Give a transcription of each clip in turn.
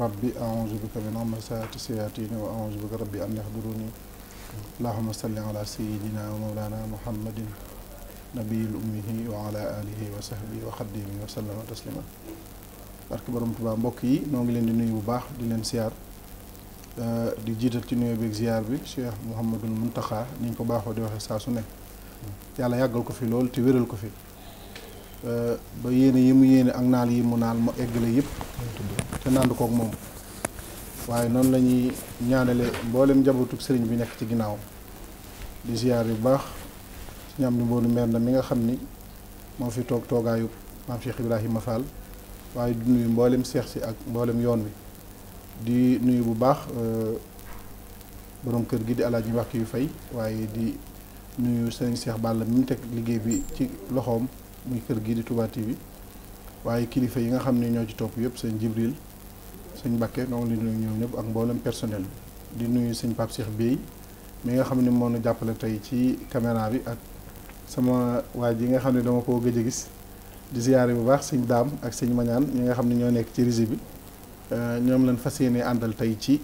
ربي أعوذ بك من همسات سياتيني وأعوذ بك ربي أن يحضروني اللهم صل على سيدنا ومولانا محمد نبي الأمه وعلى آله وصحبه وخدمه وسلم تسليما بارك برم تبا مبوكي نونغلين دي نيو باخ دي لين سيار دي جيتال تي بيك زيار بي شيخ محمد المنتخى نينكو باخو دي وخي ساسو نه يالا ياغال كو لول تي ويرال Euh, ba yéene yi mu yéene ak naan yi mu naan mu eggale yëpp te nànd kook moom waaye noonu la ñuy ñaanale mboolem njabootug sëriñ bi nekk ci ginnaaw di ziyaar yu baax ci ñam di mboolu meer na mi nga xam ni moo fi toog toogaayu maam Cheikh Ibrahima Fall waaye du nuyu mbooleem seex si ak mboolem yoon wi di nuyu bu baax euh, borom kër gi di alaaji wax yu fay waaye di nuyu sëriñ Cheikh Balla mi mu teg liggéey bi ci loxoom muy kër gii di Touba TV waaye kilifa yi nga xam ne ñoo ci topp yëpp seen Jibril sëñ mbakke ñoo ngi leen di népp ak mboolem personnel bi di nuyu sëñ Pape Cheikh Bey mi nga xam ni moom jàppale tey ci caméra bi ak sama waa ji nga xam ne dama koo gëj a gis di ziyaare bu baax sëñ Daam ak sëñ Mañaan ñi nga xam ne ñoo nekk ci régie bi euh, ñoom leen fas yéene àndal tey ci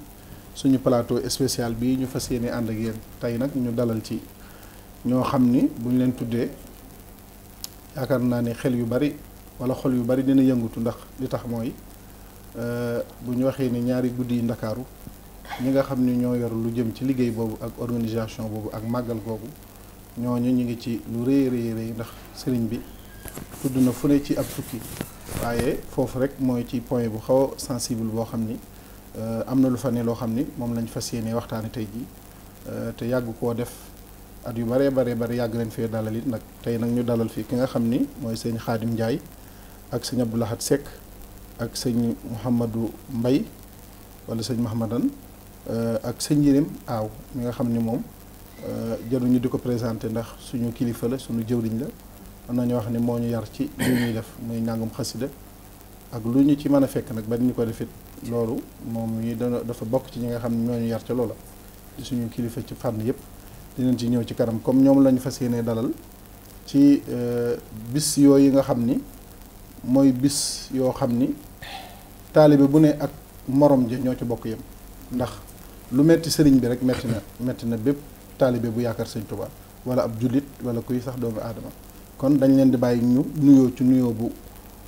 suñu plateau spécial bi ñu fas yéene ànd ak yéen tey nag ñu dalal ci ñoo xam ni buñ leen tuddee. yaakaar naa ne xel yu bari wala xol yu bari dina yëngatu ndax li tax mooy euh, bu ñu waxee ni ñaari guddi yu ndakaaru ñi nga xam ni ñoo yor lu jëm ci liggéey boobu ak organisation boobu ak màggal googu ñooñu ñu ngi ci lu rëy rëy ndax sëriñ bi tudd na fu ne ci ab tukki waaye foofu rek mooy ci point bu xaw a sensible boo xam ni euh, am na lu fa ne loo xam ni moom lañ fas yéenee waxtaan tey jii euh, te yàgg koo def at yu bare bare bare yag dalalit na dalal it nag tey ñu dalal fi ki nga xamni ni señ khadim Xaadim ak señ Abdou Lahad Seck ak señ Mouhamadou Mbay wala sëñ Mahamadan euh, ak señ Yirim aw mi nga xamni ni euh jëru ñu diko présenter ndax suñu kilifa la suñu jëwriñ la mën ñu wax ni moo ñu yar ci ñu ñuy def muy nangum khassida ak lu ñu ci mëna a fekk nak ba ñu ko defit lolu mom yi dafa bok ci ñi nga xamni ñoo ñu yar ca loola suñu kilifa ci fann yépp dinañ ci ñëw ci kanam comme ñoom lañu fa yéene dalal ci euh, bis yooyu nga xam ni mooy bis yoo xam ni taalibe bu ne ak morom ja ñoo ci bokk yem ndax lu metti sëriñ bi rek metti na metti na bépp taalibe bu yaakaar sëñ Tuubaa wala ab jullit wala kuy sax doomu aadama kon dañ leen di bàyyi ñu nuyoo ci nuyoo bu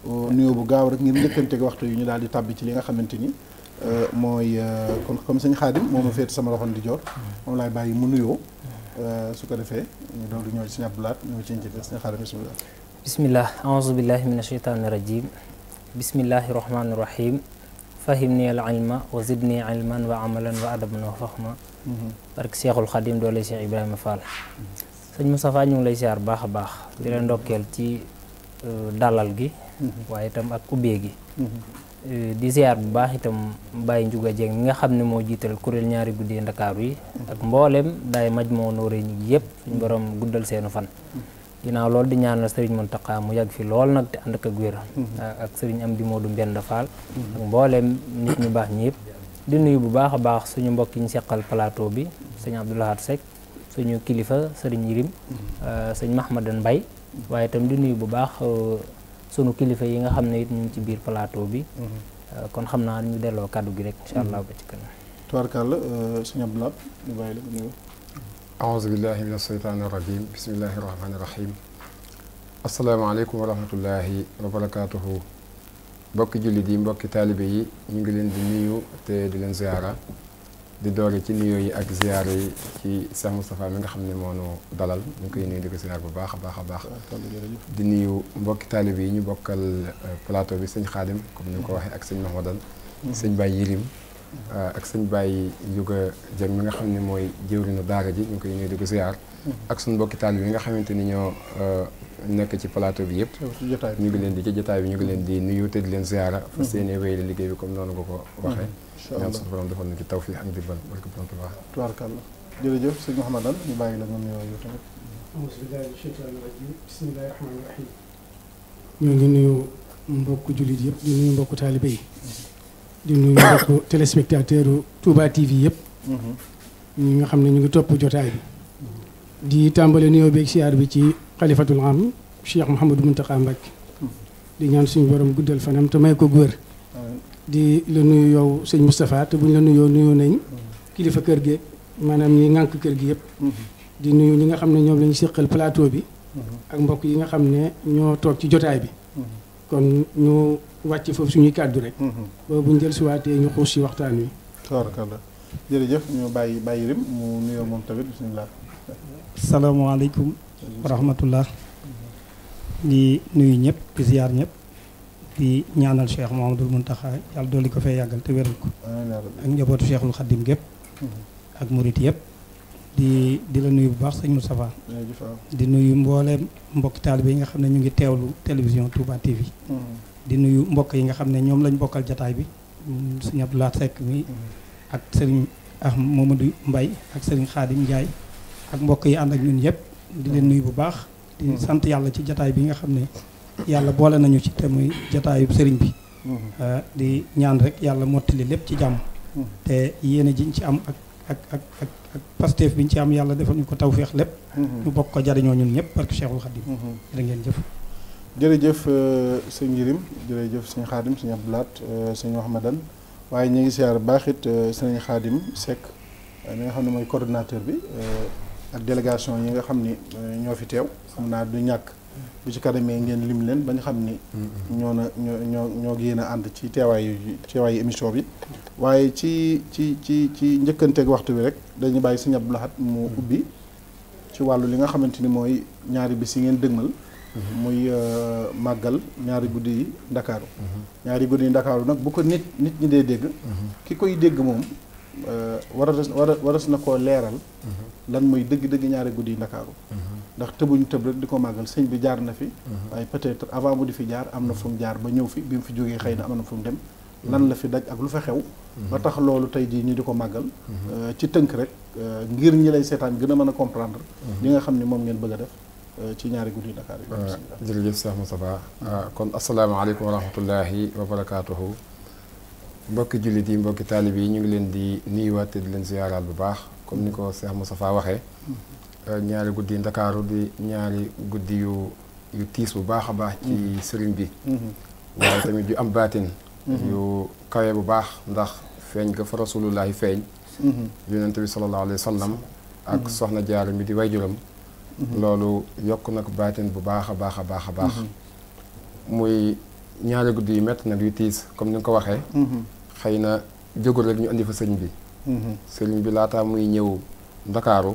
euh, nuyoo bu gaaw rek ngir njëkkante waxtu yi ñu daal di tàbbi ci li nga xamante ni euh, mooy kon comme sëñ Xaadim moo ma féete sama loxo di joor moom mu nuyoo su ko defee ñu doon ñëw ci ñàbb laat ñëw ci njëkk sëñ xaaral bisimilah. bisimilah aouzu billahi min asheytaani rajim bismillahi rahmaani rahim fahimni al ilma wa zidni ilman wa amalan wa adaban wa fahma barke Seexul Xadim doole Cheikh Ibrahima Fall sëñ Moustapha ñu ngi lay siyaar baax a baax di la ndokkeel ci dalal gi waaye itam ak ubbee gi Eh, di ziar bu baax itam Baye juga jeng nga xamne mo jital kurel ñaari guddi Ndakaaru wi ak mbollem day maj mo noore ñi yëpp suñu borom guddal seenu fan di ñaanal Serigne montaka mu yag fi lool nak te and ak ak wér ak Serigne Amdi Modou Mbenda Fall ak mboolem nit ñu baax ñi di nuyu bu baax baax suñu mbokk yi ñu seqal plateau bi serigne abdullah Seck suñu kilifa Serigne Yirim mm-hmm. euh, serigne Mahmadan Mbaye waye tam di nuyu bu baax euh, sunu kilifa yi nga xam ne it ñu ngi ci biir plateau bi. Mhm. Euh, kon xam naa ñu delloo kàddu gi rek. incha allah mhm. ba ci kanam. tubaarkàlla euh, sëñ Abdoulaye ñu bàyyi la ko nuyu. aouzu billahi min asheytaani rajim bismillahi rahmaani rahim. asalaamaaleykum ñu ngi leen di nuyu te di leen ziara. di doore ci nuyoo yi ak ziyaar yi ci Cheikh Moustapha mi nga xam ne moo dalal ñu koy nuyu di ko ziyaar bu baax a baax a baax di nuyu mbokki taalib yi ñu bokkal euh, plateau bi sëñ Xaadim comme ni nga ko waxee ak sëñ Mahmadal sëñ Baye Yirim euh, ak sëñ Baye Yuga Jëng mi nga xam ne mooy jëwriñu daara ji ñu koy nuyu di ko ziyaar ak suñ mbokki taalib yi nga xamante ni ñoo euh, nekk ci plateau bi yëpp ñu ngi leen di ci jotaay bi ñu ngi leen di nuyu te di leen ziyaara fas yéene wéy la liggéey bi comme noonu nga ko waxee incha allah ñaan suñu borom defal ñu bàyyi la ñoom ñoo ngi nuyu mbokku jullit yëpp di nuyu mbokku taalibe yi di nuyu mbokku téléspectateur Touba TV yëpp mm-hmm. ñi nga xam ne ñu ngi topp jotaay bi di tàmbale nuyoo beeg siyaar bi ci xalifatul am Cheikh Mouhamadou Mountakha Mbacké mm-hmm. di ñaan suñu borom guddal fanam te may ko góor di la nuyu yow sëñ Moustapha te bu ñu la nuyoo nuyu nañ kilifa kër gi maanaam ñi ŋànk kër gi yëpp. di nuyu li nga xam ne ñoom lañu séqal plateau bi. ak mbokk yi nga xam ne ñoo toog ci jotaay bi. kon ñu wàcc foofu suñuy kàddu rek. ba jël suwaatee ñu xuus si waxtaan wi. tabarakallah jërëjëf ñu bàyyi bàyyi rim mu moom tamit bisimilah. salaamaaleykum. wa di nuyu ñëpp di ziar ñëpp. di ñaanal Cheikh Mouhamadul tax yàlla dolli ko fee yàggal te wéral ko ak njabootu Cheikhul Khadim gépp ak murit yëpp di di la nuyu bu baax sëñ Moustapha di nuyu mbooleem mbokk taalibe yi nga xam ne ñu ngi teewlu télévision Touba TV di nuyu mbokk yi nga xam ne ñoom lañ bokkal jataay bi sëñ Abdou Lahad Seck mi ak sëriñ ah Mamadou Mbaye ak sëriñ Khadim Ndiaye ak mbokk yi ànd ak ñun yëpp di leen nuyu bu baax di hmm. sant yàlla ci jataay bi nga xam ne yàlla boole nañu ci te muy jataayub sëriñ bi mm-hmm. euh, di ñaan rek yàlla mottali lépp ci jàmm mm-hmm. te yéene jiñ ci am ak ak ak ak ak pasteef biñ ci am yàlla defal ñu ko tawféex lépp mm-hmm. ñu bokk ko jariñoo ñun ñëpp parce que Cheikhul Khadim jërë ngeen jëf jërëjëf euh, sëñ Yirim jërëjëf sëñ Khadim sëñ Abdoulaat euh, sëñ Mahamadan waaye ñu ngi siyaar baaxit sëñ Khadim Seck mi nga xam ne mooy coordinateur bi ak délégation yi nga xam ni ñoo fi teew xam naa du ñàkk bu ci kanamee ngeen lim leen ba ñu xam ni. ñoo na ñoo ñoo ñoo a ànd ci teewaayu teewaayu émission bi. waaye ci ci ci ci njëkkanteeg waxtu bi rek dañu bàyyi Sëñ Abdou Lahad mu ubbi ci wàllu li nga xamante ni mooy ñaari bis yi ngeen dëgmal. muy euh, màggal ñaari guddi yi ndakaaru ñaari guddi yi ndakaaru nag bu ko nit nit ñi dee dégg. ki koy dégg moom euh, waras waras na koo leeral. lan mooy dëgg-dëgg ñaari guddi yi ndakaaru ndax tëbuñu tëb rek di ko màggal sëñ bi jaar na fi. Mhm. waaye peut avant mu di fi jaar am na fu jaar ba ñëw fi bi mu fi jógee xëy na am na fu dem. Mhm. lan la fi daj ak lu fa xew. Mhm. ba tax loolu tey jii ñu di ko màggal. Euh, ci tënk rek euh, ngir ñi lay seetaan gën a mën a comprendre. li nga xam ne moom ngeen bëgg a def euh, ci ñaari guddi Dakar yi. bisimilah jërëjëf Cheikh Moustapha kon asalaamaaleykum wa rahmatullahi wa barakaatuhu. mbokki jullit yi mbokki taalib yi ñu ngi leen di nuyuwaat te di leen ziyaaraat bu baax comme ni ko Cheikh Moustapha waxee. Euh, ñaari guddi ndakaaru di ñaari guddi yu yu tiis bu baax a baax ci mm-hmm. sëriñ bi mm-hmm. waaye tamit yu am baatin mm-hmm. yu kawe bu baax ndax feeñ ga fa rasulullahi feeñ yonent bi sallallahu alayhi wa ak soxna jaaru bi di wayjuram loolu yokk nag baatin bu baax a baax a baax a baax muy ñaari guddi yu métti nag yu tiis comme ni nga ko waxee xëy na jógul rek ñu indi fa sëriñ bi sëriñ bi laataa muy ñëw ndakaaru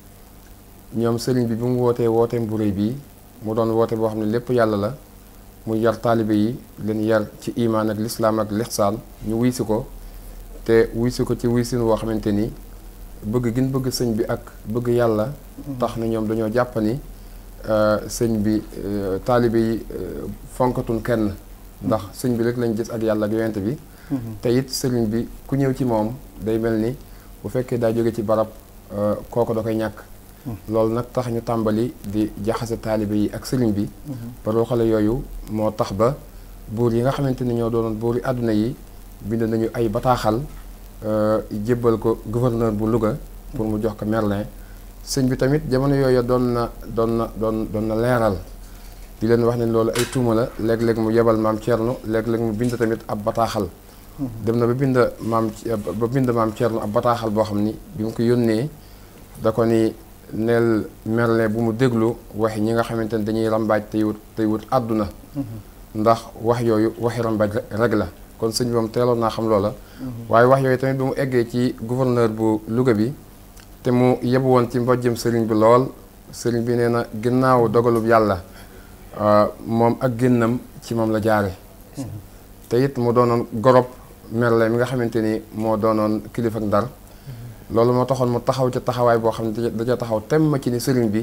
ñoom sëriñ bi bu mu wootee wooteem bu rëy bii mu doon woote boo xam ne lépp yàlla la mu yar taalibe yi leen yar ci imaan ak lislaam ak lixsaan ñu wuy si ko te wuy si ko ci wuy sin woo xamante ni bëgg gin bëgg sëñ bi ak bëgg yàlla tax na ñoom dañoo jàpp ni euh, sëñ bi euh, taalibe yi euh, fonkatun kenn ndax sëñ bi rek lañ gis ak yàlla ak bi mhm. te it sëriñ bi ku ñëw ci moom day mel ni bu fekkee daa jóge ci barab kooku da koy ñàkk loolu nak tax ñu tàmbali di jaxase taalibe yi ak serigne bi xala yoyu mo tax ba bur yi nga xamanteni ñoo doon bur yi aduna yi bind nañu ay euh jébal ko gouverneur bu Louga pour mu jox ko Merlin serigne bi tamit jamono yoyu doon na doon na doon doon na léral di leen wax ne loolu ay tuuma la lég lég mu yebal mam Thierno lég lég mu bind tamit ab bataxal dem na ba bind mam ba bind mam Thierno ab bataxal bo xamni bi mu ko yonne da ko ni neel merle bu mu déglu waxi ñi nga xamante ne dañuy rambaaj tey wut tey wut àdduna mm-hmm. ndax wax yooyu waxi rambaaj rek la kon sëñ bi moom teeloon naa xam loola mm-hmm. waaye wax yooyu tamit bu mu eggee ci gouverneur bu Louga bi te mu yeb woon ci mbojjëm sëriñ bi lool sëriñ bi nee na ginnaaw dogalub yàlla euh, moom ak génnam ci moom la jaare mm-hmm. te it mu doonoon gorob merle mi nga xamante ni moo doonoon kilifa ak Ndar loolu mo taxone mu taxaw ci taxaway bo xam da dañoo taxaw temm ci ni serigne bi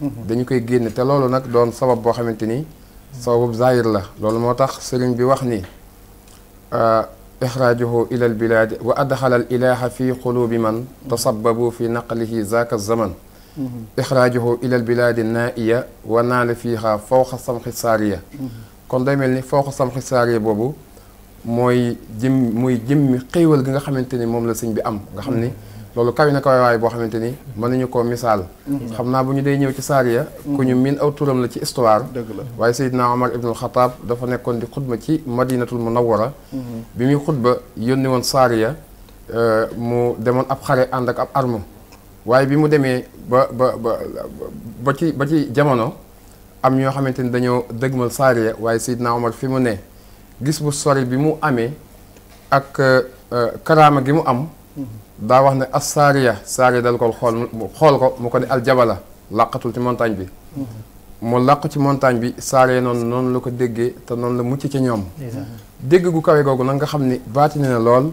dañu koy génn te loolu nak doon sabab bo xamanteni ni sababu zaahir la loolu mo tax serigne bi wax ni ah ixraajuhu ila al bilad wa adkhala al ilaha fi qulubi man tasabbabu fi naqlihi zaaka zaman ixraajuhu ila al bilad al na'iya wa nal fiha fawqa samkh sariya kon day melni ni fawqa samxi saariya boobu mooy jëm mooy jëmmi xéewal gi nga xamanteni mom la serigne bi am nga xamni lolu kaw na way bo xamanteni man mën nañu koo misaal xam naa bu ñu dee ñëw ci saliya ku ñu min aw turam la ci histoire waaye Seydina Omar ibnul khattab dafa nekkon di khutba ci madinatul munawwara bi mi khutba yoni won saliya mu demon ab xare ànd ak ab arme way bi mu deme ba ba ba ci ba ci jamono am ñoo xamanteni ni dañoo dëgmal saariya waaye Seydina Omar fi mu ne gis bu sori bi mu amé ak karama gi mu am daa wax ne as saariya saariya dal ko xool xool ko mu ko ne aljabala làqatul ci montagne bi mu làqu ci montagne bi saaree noonu noonu la ko déggee te noonu la mucc ci ñoom dégg gu kawe googu nag nga xam ni baati na lool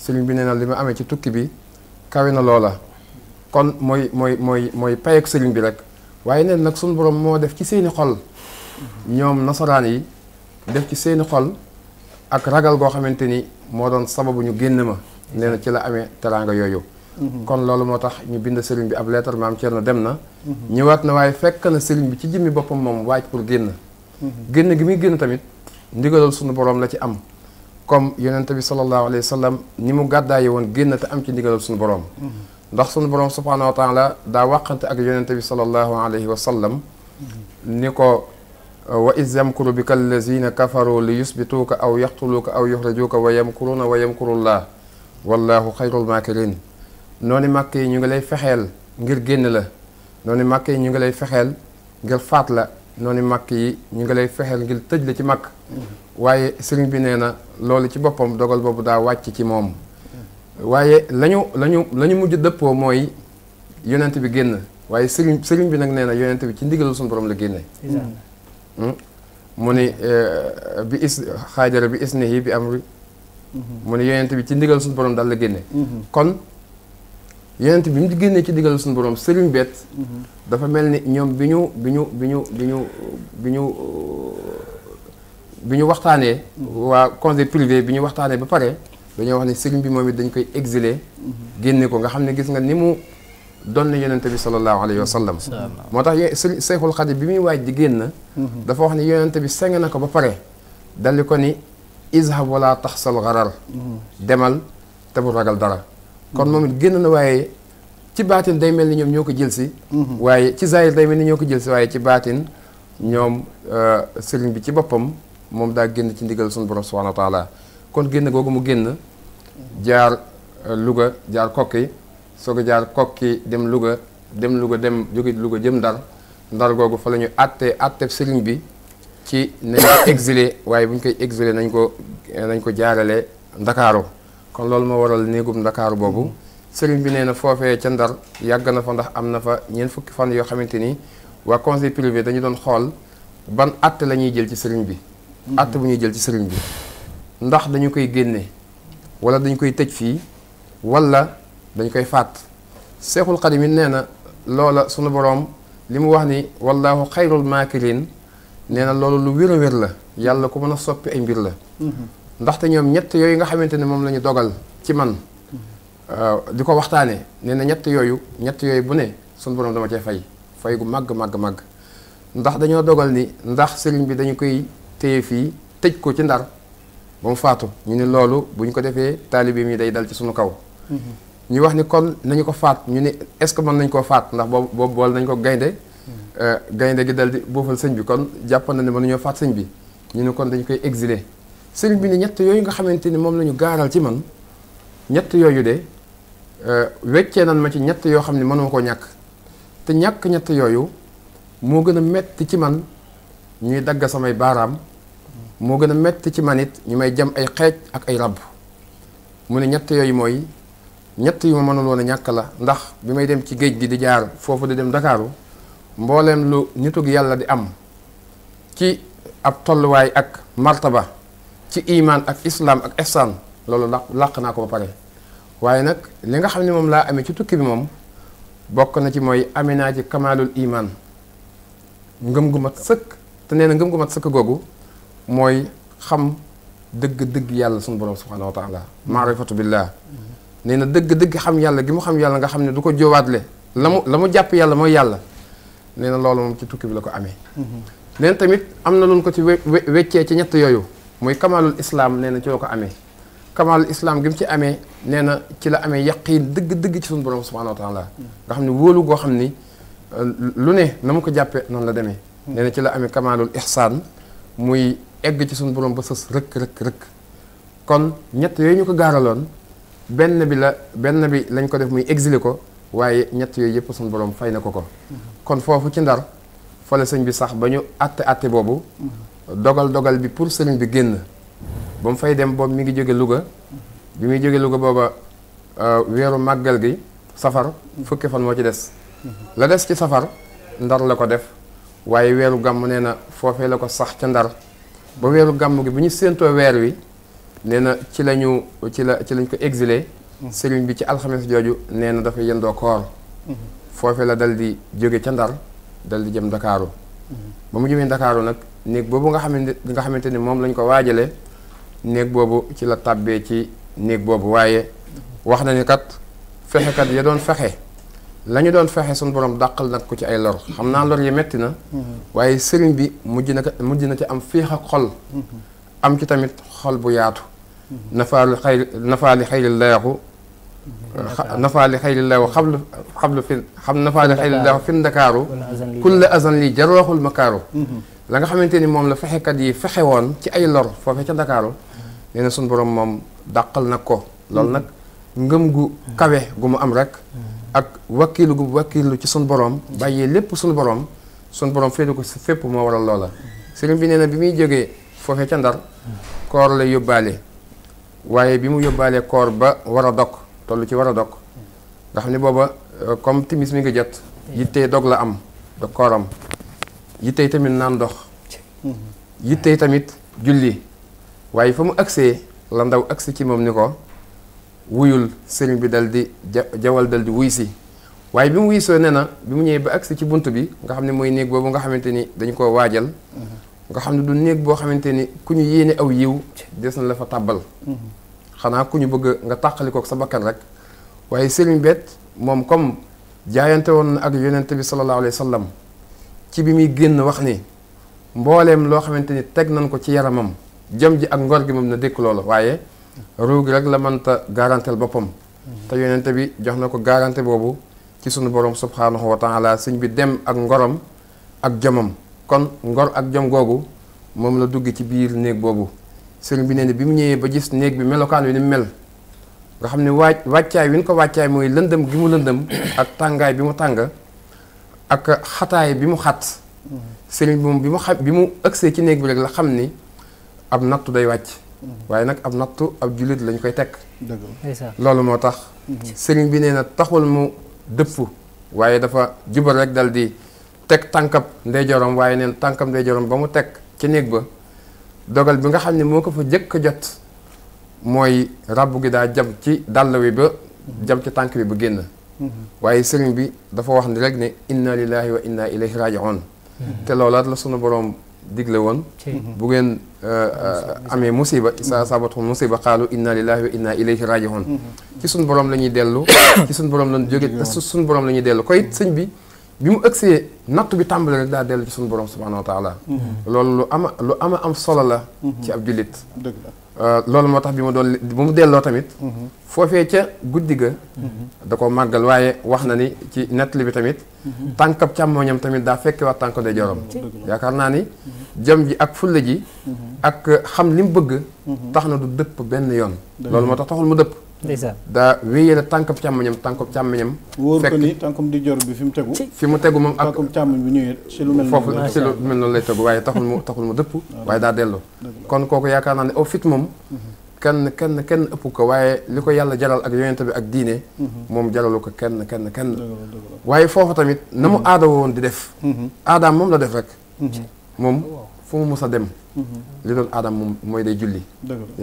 sëriñ bi nee na li ma amee ci tukki bi kawe na loola kon mooy mooy mooy mooy payek sëriñ bi rek waaye neen nag suñu borom moo def ci seeni xol ñoom nasaraan yi def ci seeni xol ak ragal goo xamante ni moo doon sababu ñu génn ma nee na ci la amee teraanga yooyu. kon loolu moo tax ñu bind sëriñ bi ab leetar maam Thierno dem na. ñëwaat na waaye fekk na sëriñ bi ci jëmmi boppam moom waaj pour génn. génn gi muy génn tamit ndigalal sunu borom la ci am. comme yonente bi sallallahu alayhi wa sallam ni mu gàddaaye woon génn te am ci ndigalal sunu borom. ndax sunu borom subhaanahu wa taala daa waqante ak yonente bi sallallahu alayhi wa sallam. ni ko wa iz yamkuru bika allazina kafaru li yusbituuka aw yaxtuluuka aw yuxrijuuka wa yamkuruuna wa yamkurullah والله خير الماكرين نوني مكي نيغي لاي فخيل غير ген لا نوني مكي نيغي لاي فخيل غير فات لا نوني مكي نيغي لاي فخيل غير تج لا سي مك واي سيرين بي نينا لولي سي بوبوم دوغال بوبو دا واتي سي موم واي لانيو لانيو لانيو موجي ديبو موي يونت بي ген واي سيرين سيرين بي نك نينا يونت بي سي نديغال سون بروم لا ген موني بي اس خاجر بي اسنه بي امر mu ne yonent bi ci ndigal suñu borom daal la génne mhm. kon yonent bi mu génnee ci ndigal suñu borom sëriñ beet mhm. dafa mel ni ñoom bi ñu bi ñu bi ñu bi ñu bi ñu bi ñu waxtaanee mhm. waa conseil privé bi ñu waxtaanee ba pare dañoo wax ne sëriñ bi moom it dañ koy exilé génne ko nga xam ne gis nga ni mu doon na yonente bi sallallahu alayhi wa sallam moo tax sëriñ Seexul Xadiim bi muy waaj di génn dafa wax ne yonente bi seng na ko ba pare daldi ko ni izhab wala taxsal garar mm-hmm. demal te bu ragal dara kon moom it génn na waaye ci baatin day mel ni ñoom ñoo ko jël si mm-hmm. waaye ci zahir day mel ni ñoo ko jël si waaye ci baatin ñoom euh, sëriñ bi ci boppam moom daa génn ci ndigal suñu borom subhanahu wa taala kon génn googu mu génn jaar euh, Louga jaar kokki soog a jaar kokki dem luga dem Louga dem jóge Louga jëm Ndar Ndar googu fa la ñu àttee àtteb sëriñ bi ci nañ ko exilé waaye buñ koy exilé nañ ko nañ ko jaarale ndakaaru kon loolu moo waral néegum ndakaaru boobu sëriñ bi nee na foofee ndar yàgg na fa ndax am fa ñeent fukki fan yoo xamante ni conseil privé dañu doon xool ban att la jël ci sëriñ bi att bu ñuy jël ci sëriñ bi ndax dañu koy génne wala dañu koy tëj fii wala dañ koy faat seexul xadim yi loola sunu boroom li wax ni wallahu xayrul maakirin nee na loolu lu wér a wér la yàlla ku mën a soppi ay mbir la mm-hmm. ndaxte ñoom ñett yooyu nga xamante ne moom la dogal ci man mm-hmm. euh, di ko waxtaanee nee na ñett yooyu ñett yooyu bu ne suñ borom dama cee fay fay gu màgg màgg màgg ndax dañoo dogal ni ndax sëriñ bi dañu koy téye fii tëj ko ci ndar ba mu faatu ñu ne loolu bu ñu ko defee taalibe mi day dal ci suñu kaw mm-hmm. ñu wax ni kon nañu ko faat ñu ne est-ce que mën nañ koo faat ndax boobu boobu bool nañ ko gaynde Euh, gaynde gi dal di boofal sëñ bi kon jàpp na ne mënuñoo faat sëñ bi ñu ne kon dañ koy exiler sëñ bi ni ñett yooyu nga xamante ni moom la ñu gaaral ci man ñett yooyu de euh, weccee nan ma ci ñett yoo xam ne mënuma koo ñàkk te ñàkk ñett yooyu moo gën a metti ci man ñuy dagg samay baaraam moo gën a metti ci man it ñu may jam ay xeej ak ay ràbb mu ne ñett yooyu mooy ñett yu ma mënul woon a ñàkk la ndax bi may dem ci géej gi di jaar foofu di dem Ndakaaru mbooleem lu ñu nitug yàlla di am ci ab tolluwaay ak martaba ci imaan ak islaam ak ihsaan loolu làq làq naa ko ba pare waaye nag li nga xam ne moom laa amee ci tukki bi moom bokk na ci mooy amee naa kamaalul imaan ngëm gu mat sëkk te nee na ngëm gu mat sëkk googu mooy xam dëgg-dëgg yàlla sunu borom subhaanahu wa taala maarifatu billah mm-hmm. nee na dëgg-dëgg xam yàlla gi mu xam yàlla nga xam ne du ko joowaat le la mu la mu jàpp yàlla mooy yàlla nee na loolu moom ci tukki bi la ko amee. leen tamit am na lu ko ci weccee ci ñett yooyu muy kamalul islam nee na ci la ko amee kamalul islam gi ci amee nee na ci la amee yaqiin dëgg-dëgg ci suñu borom subhaanahu wa taala nga xam ne wóolu goo xam ni euh, lu ne na mu ko jàppee noonu la demee. nee ci la amee kamalul ihsaan muy egg ci suñu borom ba sës rëkk rëkk kon ñett yooyu ñu ko gaaraloon benn bi la benn bi lañ ko def muy exilé ko. waaye ñett yooyu yëpp suñ boroom fay na ko ko kon foofu ci ndar fole sëñ bi sax ba ñu àtte àtte boobu dogal dogal bi pour sëriñ bi génn ba mu fay dem boobu mi ngi jóge Louga bi muy jóge Louga booba euh, weeru màggal gi safar fukki fan moo ci des la des ci safar ndar la ko def waaye weeru gàmm nee na foofee la ko sax ca ndar ba weeru gàmm gi bu ñu séentoo weer wi nee na ci lañu ci la ci lañ ko exilé sëriñ bi ci alxames jooju nee na dafa yëndoo koor foofe la dal di jóge ca ndar dal di jëm ndakaaru ba mu jëmee ndakaaru nag néeg boobu nga xamante nga xamante ni moom lañ ko waajalee néeg boobu ci la tàbbee ci néeg boobu waaye wax na ni kat fexekat ya doon fexe la ñu doon fexe suñu borom dàqal nag ko ci ay lor xam naa lor yi metti na waaye sëriñ bi mujj na mujj na ci am féex ak xol am ci tamit xol bu yaatu nafaali xayri nafaali xayri laaxu نفع لخير الله وقبل قبل في خم نفع لخير الله في النكارو كل أذن لي جروه المكارو لان خمنتني مام لفحي كدي فحي وان كأي لر ففي كذا كارو لأن سن برام مام دقل نكو لان نجم جو كبه جم أمرك أك وكيل جو وكيل لو كسن برام باي لب سن برام سن برام في لو كسفة بوما ورا الله سلم بيني نبيمي جي ففي كذا كار لي يبالي وعي بيمو يبالي كار با ورا دك toll ci war a dog nga xam ne booba euh, comme timis mi nga jot yittee dog la am da kooram yittee tamit naan ndox yittee tamit julli waaye fa mu agsee la ndaw agsi ci moom ni ko wuyul sëriñ bi dal di ja jawal dal di wuy si waaye bi mu wuysoo nee na bi mu ñëwee ba agsi ci bunt bi nga xam ne mooy néeg boobu nga xamante ni dañ koo waajal nga xam ne du néeg boo xamante ni ku ñu yéene aw yiw des na la fa tàbbal xanaa ku ñu bëgg nga tàqalikook sa bakkan rek waaye sëriñ bet moom comme jaayante woon na ak yonent bi sallallahu alayhi wa ci bi muy génn wax ni mbooleem loo xamante ni teg nañ ko ci yaramam jëm ji ak ngor gi moom na dékk loolu waaye ruugi rek la mënta garanteel boppam te yonent bi jox na ko garanté boobu ci sunu borom subhaanahu wa taala sëñ bi dem ak ngorom ak jomam kon ngor ak jom googu moom la dugg ci biir néeg boobu sëriñ bi nee na bi mu ñëwee ba gis néeg bi melokaan wi ni mu mel nga xam ne waaj wàccaay wi ñu ko wàccaay mooy lëndëm gi mu lëndëm ak tàngaay bi mu tàng ak xataay bi mu xat sëriñ bi moom mu xam bi ci néeg bi rek la xam ni ab nattu day wàcc waaye nag ab nattu ab jullit lañu koy tekk loolu moo tax mhm. sëriñ bi nee na taxul mu dëfu waaye dafa jubal rek dal di teg tànkab ndeyjooram waaye neen tànkab ndeyjooram ba mu teg ci néeg ba dogal bi nga xam ne moo ko fa jëkk jot mooy rabbu gi daal jam ci dàll wi ba jam ci tànk bi ba génn mm-hmm. waaye sëriñ bi dafa wax ni rek ne inna lillahi wa inna ilayhi raji'un mm-hmm. te loolaat la sunu boroom digle woon mm-hmm. bu ngeen euh, euh, amee musiba isa sabatum musiba xaalu inna lillahi wa inna ilayhi raji'un ci sunu boroom la ñuy dellu ci sunu boroom la ñu jóge te sunu la ñuy dellu koy sëñ bi bimu mu nat bi tambal rek da dellu ci sun borom subhanahu wa taala lolou lu ama lu ama am solo la ci ab julit dëgg la loolu moo tax bi mu doon tamit fofé ca guddi ga da ko magal waye wax na ni ci li bi tamit tànkab càmmoñam tamit da fekke wa tanko de jorom yakar na ni jëm ji ak fulla ji ak xam lim bëgg taxna du dëpp ben yoon lolou motax taxul mu dëpp daa wéyale tànkam càmmoñam tànkam càmmoñam. wóor ko ni tànkam di jor bi fi mu tegu. fi mu tegu moom ak tànkam càmmoñ bi ñëwee ci lu mel foofu ci lu mel noonu lay tegu waaye taxul mu taxul mu dëpp. waaye daa delloo. kon kooku yaakaar naa ne aw fit moom. kenn kenn kenn ëpp ko waaye li ko yàlla jaral ak yonent bi ak diine. Mhm. moom jaralu ko kenn kenn kenn. waaye foofu tamit na mu mhm. aada woon di def. Mhm. aadaam moom la def rek. moom. Oh, fu mu mës a dem mhm. li doon aadam moom mooy day julli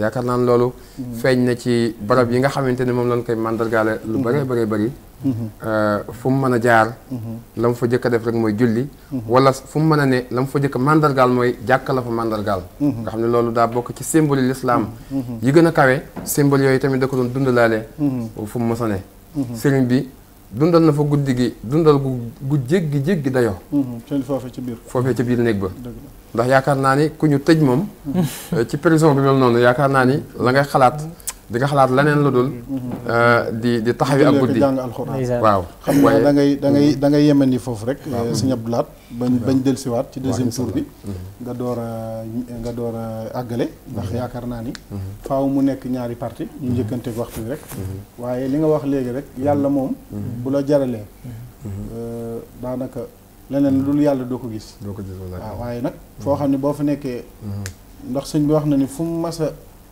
yaakaar naan loolu mhm. feeñ na ci barab yi nga xamante ne moom lañ koy màndargaale lu bëree mhm. bëree bëri euh, fu mu mën a jaar la mu fa jëkk def rek mooy julli wala fu mu mën a ne la mu fa jëkk a màndargaal mooy jàkka la fa màndargaal nga xam ne loolu daa bokk ci symbole yi lislaam yi gën a kawe symbole yooyu tamit da ko doon dundalaale fu mu mës a ne sëriñ bi dundal na fa guddi gi dundal gu gu jéggi jéggi dayoo. Mhm, foofee ci biir. foofee ci biir néeg ba. ndax yaakaar naa ni ku ñu tëj moom. Mhm. ci prison bi mel noonu yaakaar naa ni la ngay xalaat. Mhm. di nga xalaat leneen lu dul euh, di di taxawi ak guddi jàng alxuraan waaw xam nga da ngay da ngay mm-hmm. da ngay yemen yi foofu rek euh, sëñ Abdou Lahad bañ bañ dellusiwaat ci deuxième tour bi mm-hmm. nga door a nga door a àggale ndax mm-hmm. yaakaar naa ni faaw mu nekk ñaari parti ñu njëkkanteeg waxtu bi rek waaye li nga wax léegi rek yàlla moom bu la jaralee euh, daanaka leneen lu yàlla doo ko gis doo ko gis waaw waaye nag foo xam ne boo fa nekkee ndax sëñ bi wax na ni fu mu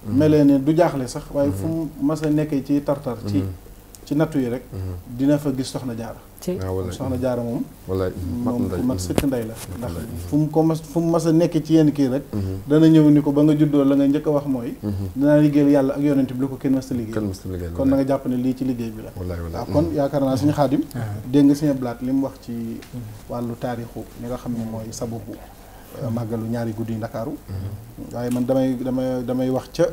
Mm-hmm. melee ne du jaaxle sax waaye mm-hmm. fu mu mas a nekkee ci tartar ci mm-hmm. ci nattu yi rek dina fa gis soxna jaara ah, soxna jaara moom moom ku mat sëkk ndey la ndax fu mu ko mas fu mu mas a nekk ci yenn kii rek dana ñëw ni ko ba nga juddoo la nga njëkk wax mooy dinaa liggéeyal yàlla ak yonent bi lu ko kenn mas a liggéey kon na nga jàpp ne lii ci liggéey bi la waaw ah, kon yaakaar naa suñu xaadim dégg nga suñu blaat li mu wax ci wàllu taarixu li nga xam ne mooy sababu màggalu ñaari guddi ndakaaru mm-hmm. waaye man damay damay damay wax ca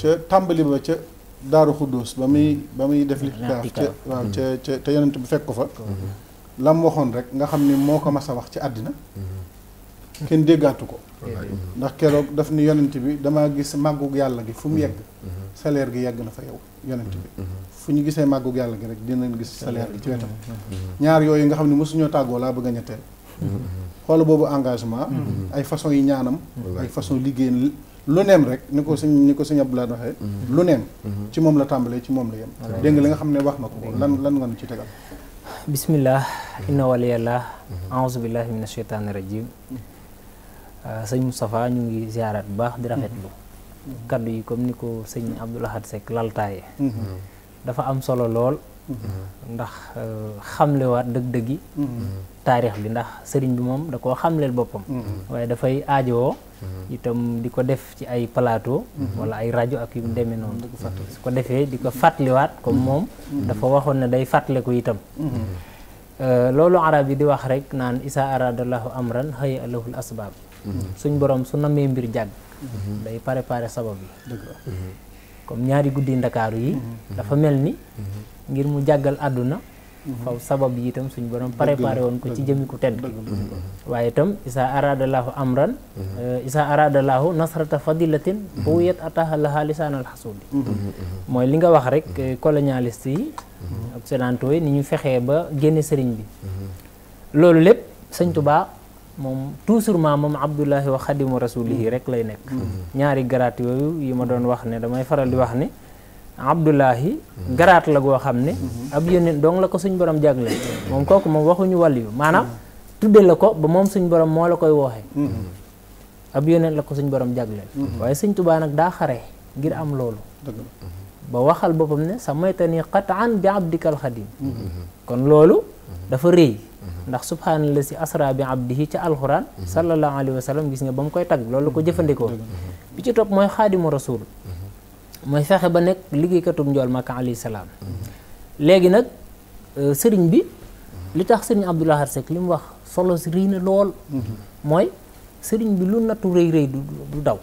ca tàmbali ba ca daaru xuddoos ba muy ba muy def li litikaaf ca waaw ca ca te yonent bi fekk ko fa mm-hmm. lam waxoon rek nga xam ni moo ko mas a wax ci àddina mm-hmm. kenn déggaatu ko ndax keroog daf ni yonent bi damaa gis màggug yàlla gi fu mu yegg salaire gi yegg na fa yow yonent bi fu ñu gisee màggug yàlla gi rek dinañ gis salaire gi ci wetam ñaar yooyu nga xam ne mosuñoo tàggoo laa bëgg a ñetteel xool boobu engagement. Mm-hmm. ay façon yi ñaanam. ay façon liggéey lu nem rek niko ko suñ ni ko suñ Abdoulaye waxee. Mm-hmm. lu nem mm-hmm. ci mom la tambalé ci mom la yem. li nga xamné wax nako lan lan nga ci tégal bismillah inna waliyallah a'udhu billahi minash shaitani rajim ah, sëñ Mustafa ñu ngi ziarat bax di rafetlu kaddu yi comme niko ko sëñ Abdoul Ahad dafa am solo lol ndax euh, xamlewaat deug taarix bi ndax sëriñ bi moom da koo xamleel boppam mm-hmm. waaye dafay aajowoo mm-hmm. itam di ko def ci ay plateau mm-hmm. wala ay rajo ak yu mu demee noonu su ko defee di ko fàttaliwaat comme moom dafa waxoon ne day fàttaliku itam euh, loolu arab yi di wax rekk naan isaa aradallahu amran hayya lahul asbaab suñ borom su namee mbir jàgg day préparé sabab yi comme ñaari guddi ndakaaru yi dafa mel ni ngir mu jàggal àdduna faw sabab yi itam suñu borom préparé woon ko ci jëmi ku tedd waaye itam isa aradalaahu amran mhm. eh, isa aradalaahu nasrata fadilatin mhm. bowuyet ataha laha lisaanal xasuudi mhm, mooy li nga wax rek eh, colonialiste yi occidentaux yi ni ñu fexe ba génne sëriñ bi loolu lépp sëñ Tuubaa moom toujours ma moom abdullahi wa xadimu rasulihi rek lay nekk ñaari garaat yooyu yi ma doon wax ne damay faral di wax ne abdullahi garaat la goo xam ne ab yónent dong la ko suñ borom jagle moom kooku moom waxuñu wàlliyu maanaam tudde la ko ba moom suñ borom moo la koy wooxee ab yónent la ko suñ borom jagleel waaye suñ tubaa nag daa xare ngir am loolu ba waxal boppam ne sa maytani qataan bi abdikal xadim kon loolu dafa rëy ndax subhaanalla si asra bi abdihi ca alxuraan sallallahu alayhi wa sallam gis nga ba mu koy tagg loolu ko jëfandikoo bi ci topp mooy xaadimu rasul mooy fexe ba nekk liggéeykatum njool Makka alayhi salaam léegi nag euh, sëriñ bi li tax sëriñ Abdou Lahad li mu wax solo si rëy na lool mooy sëriñ bi lu nattu rëy rëy du daw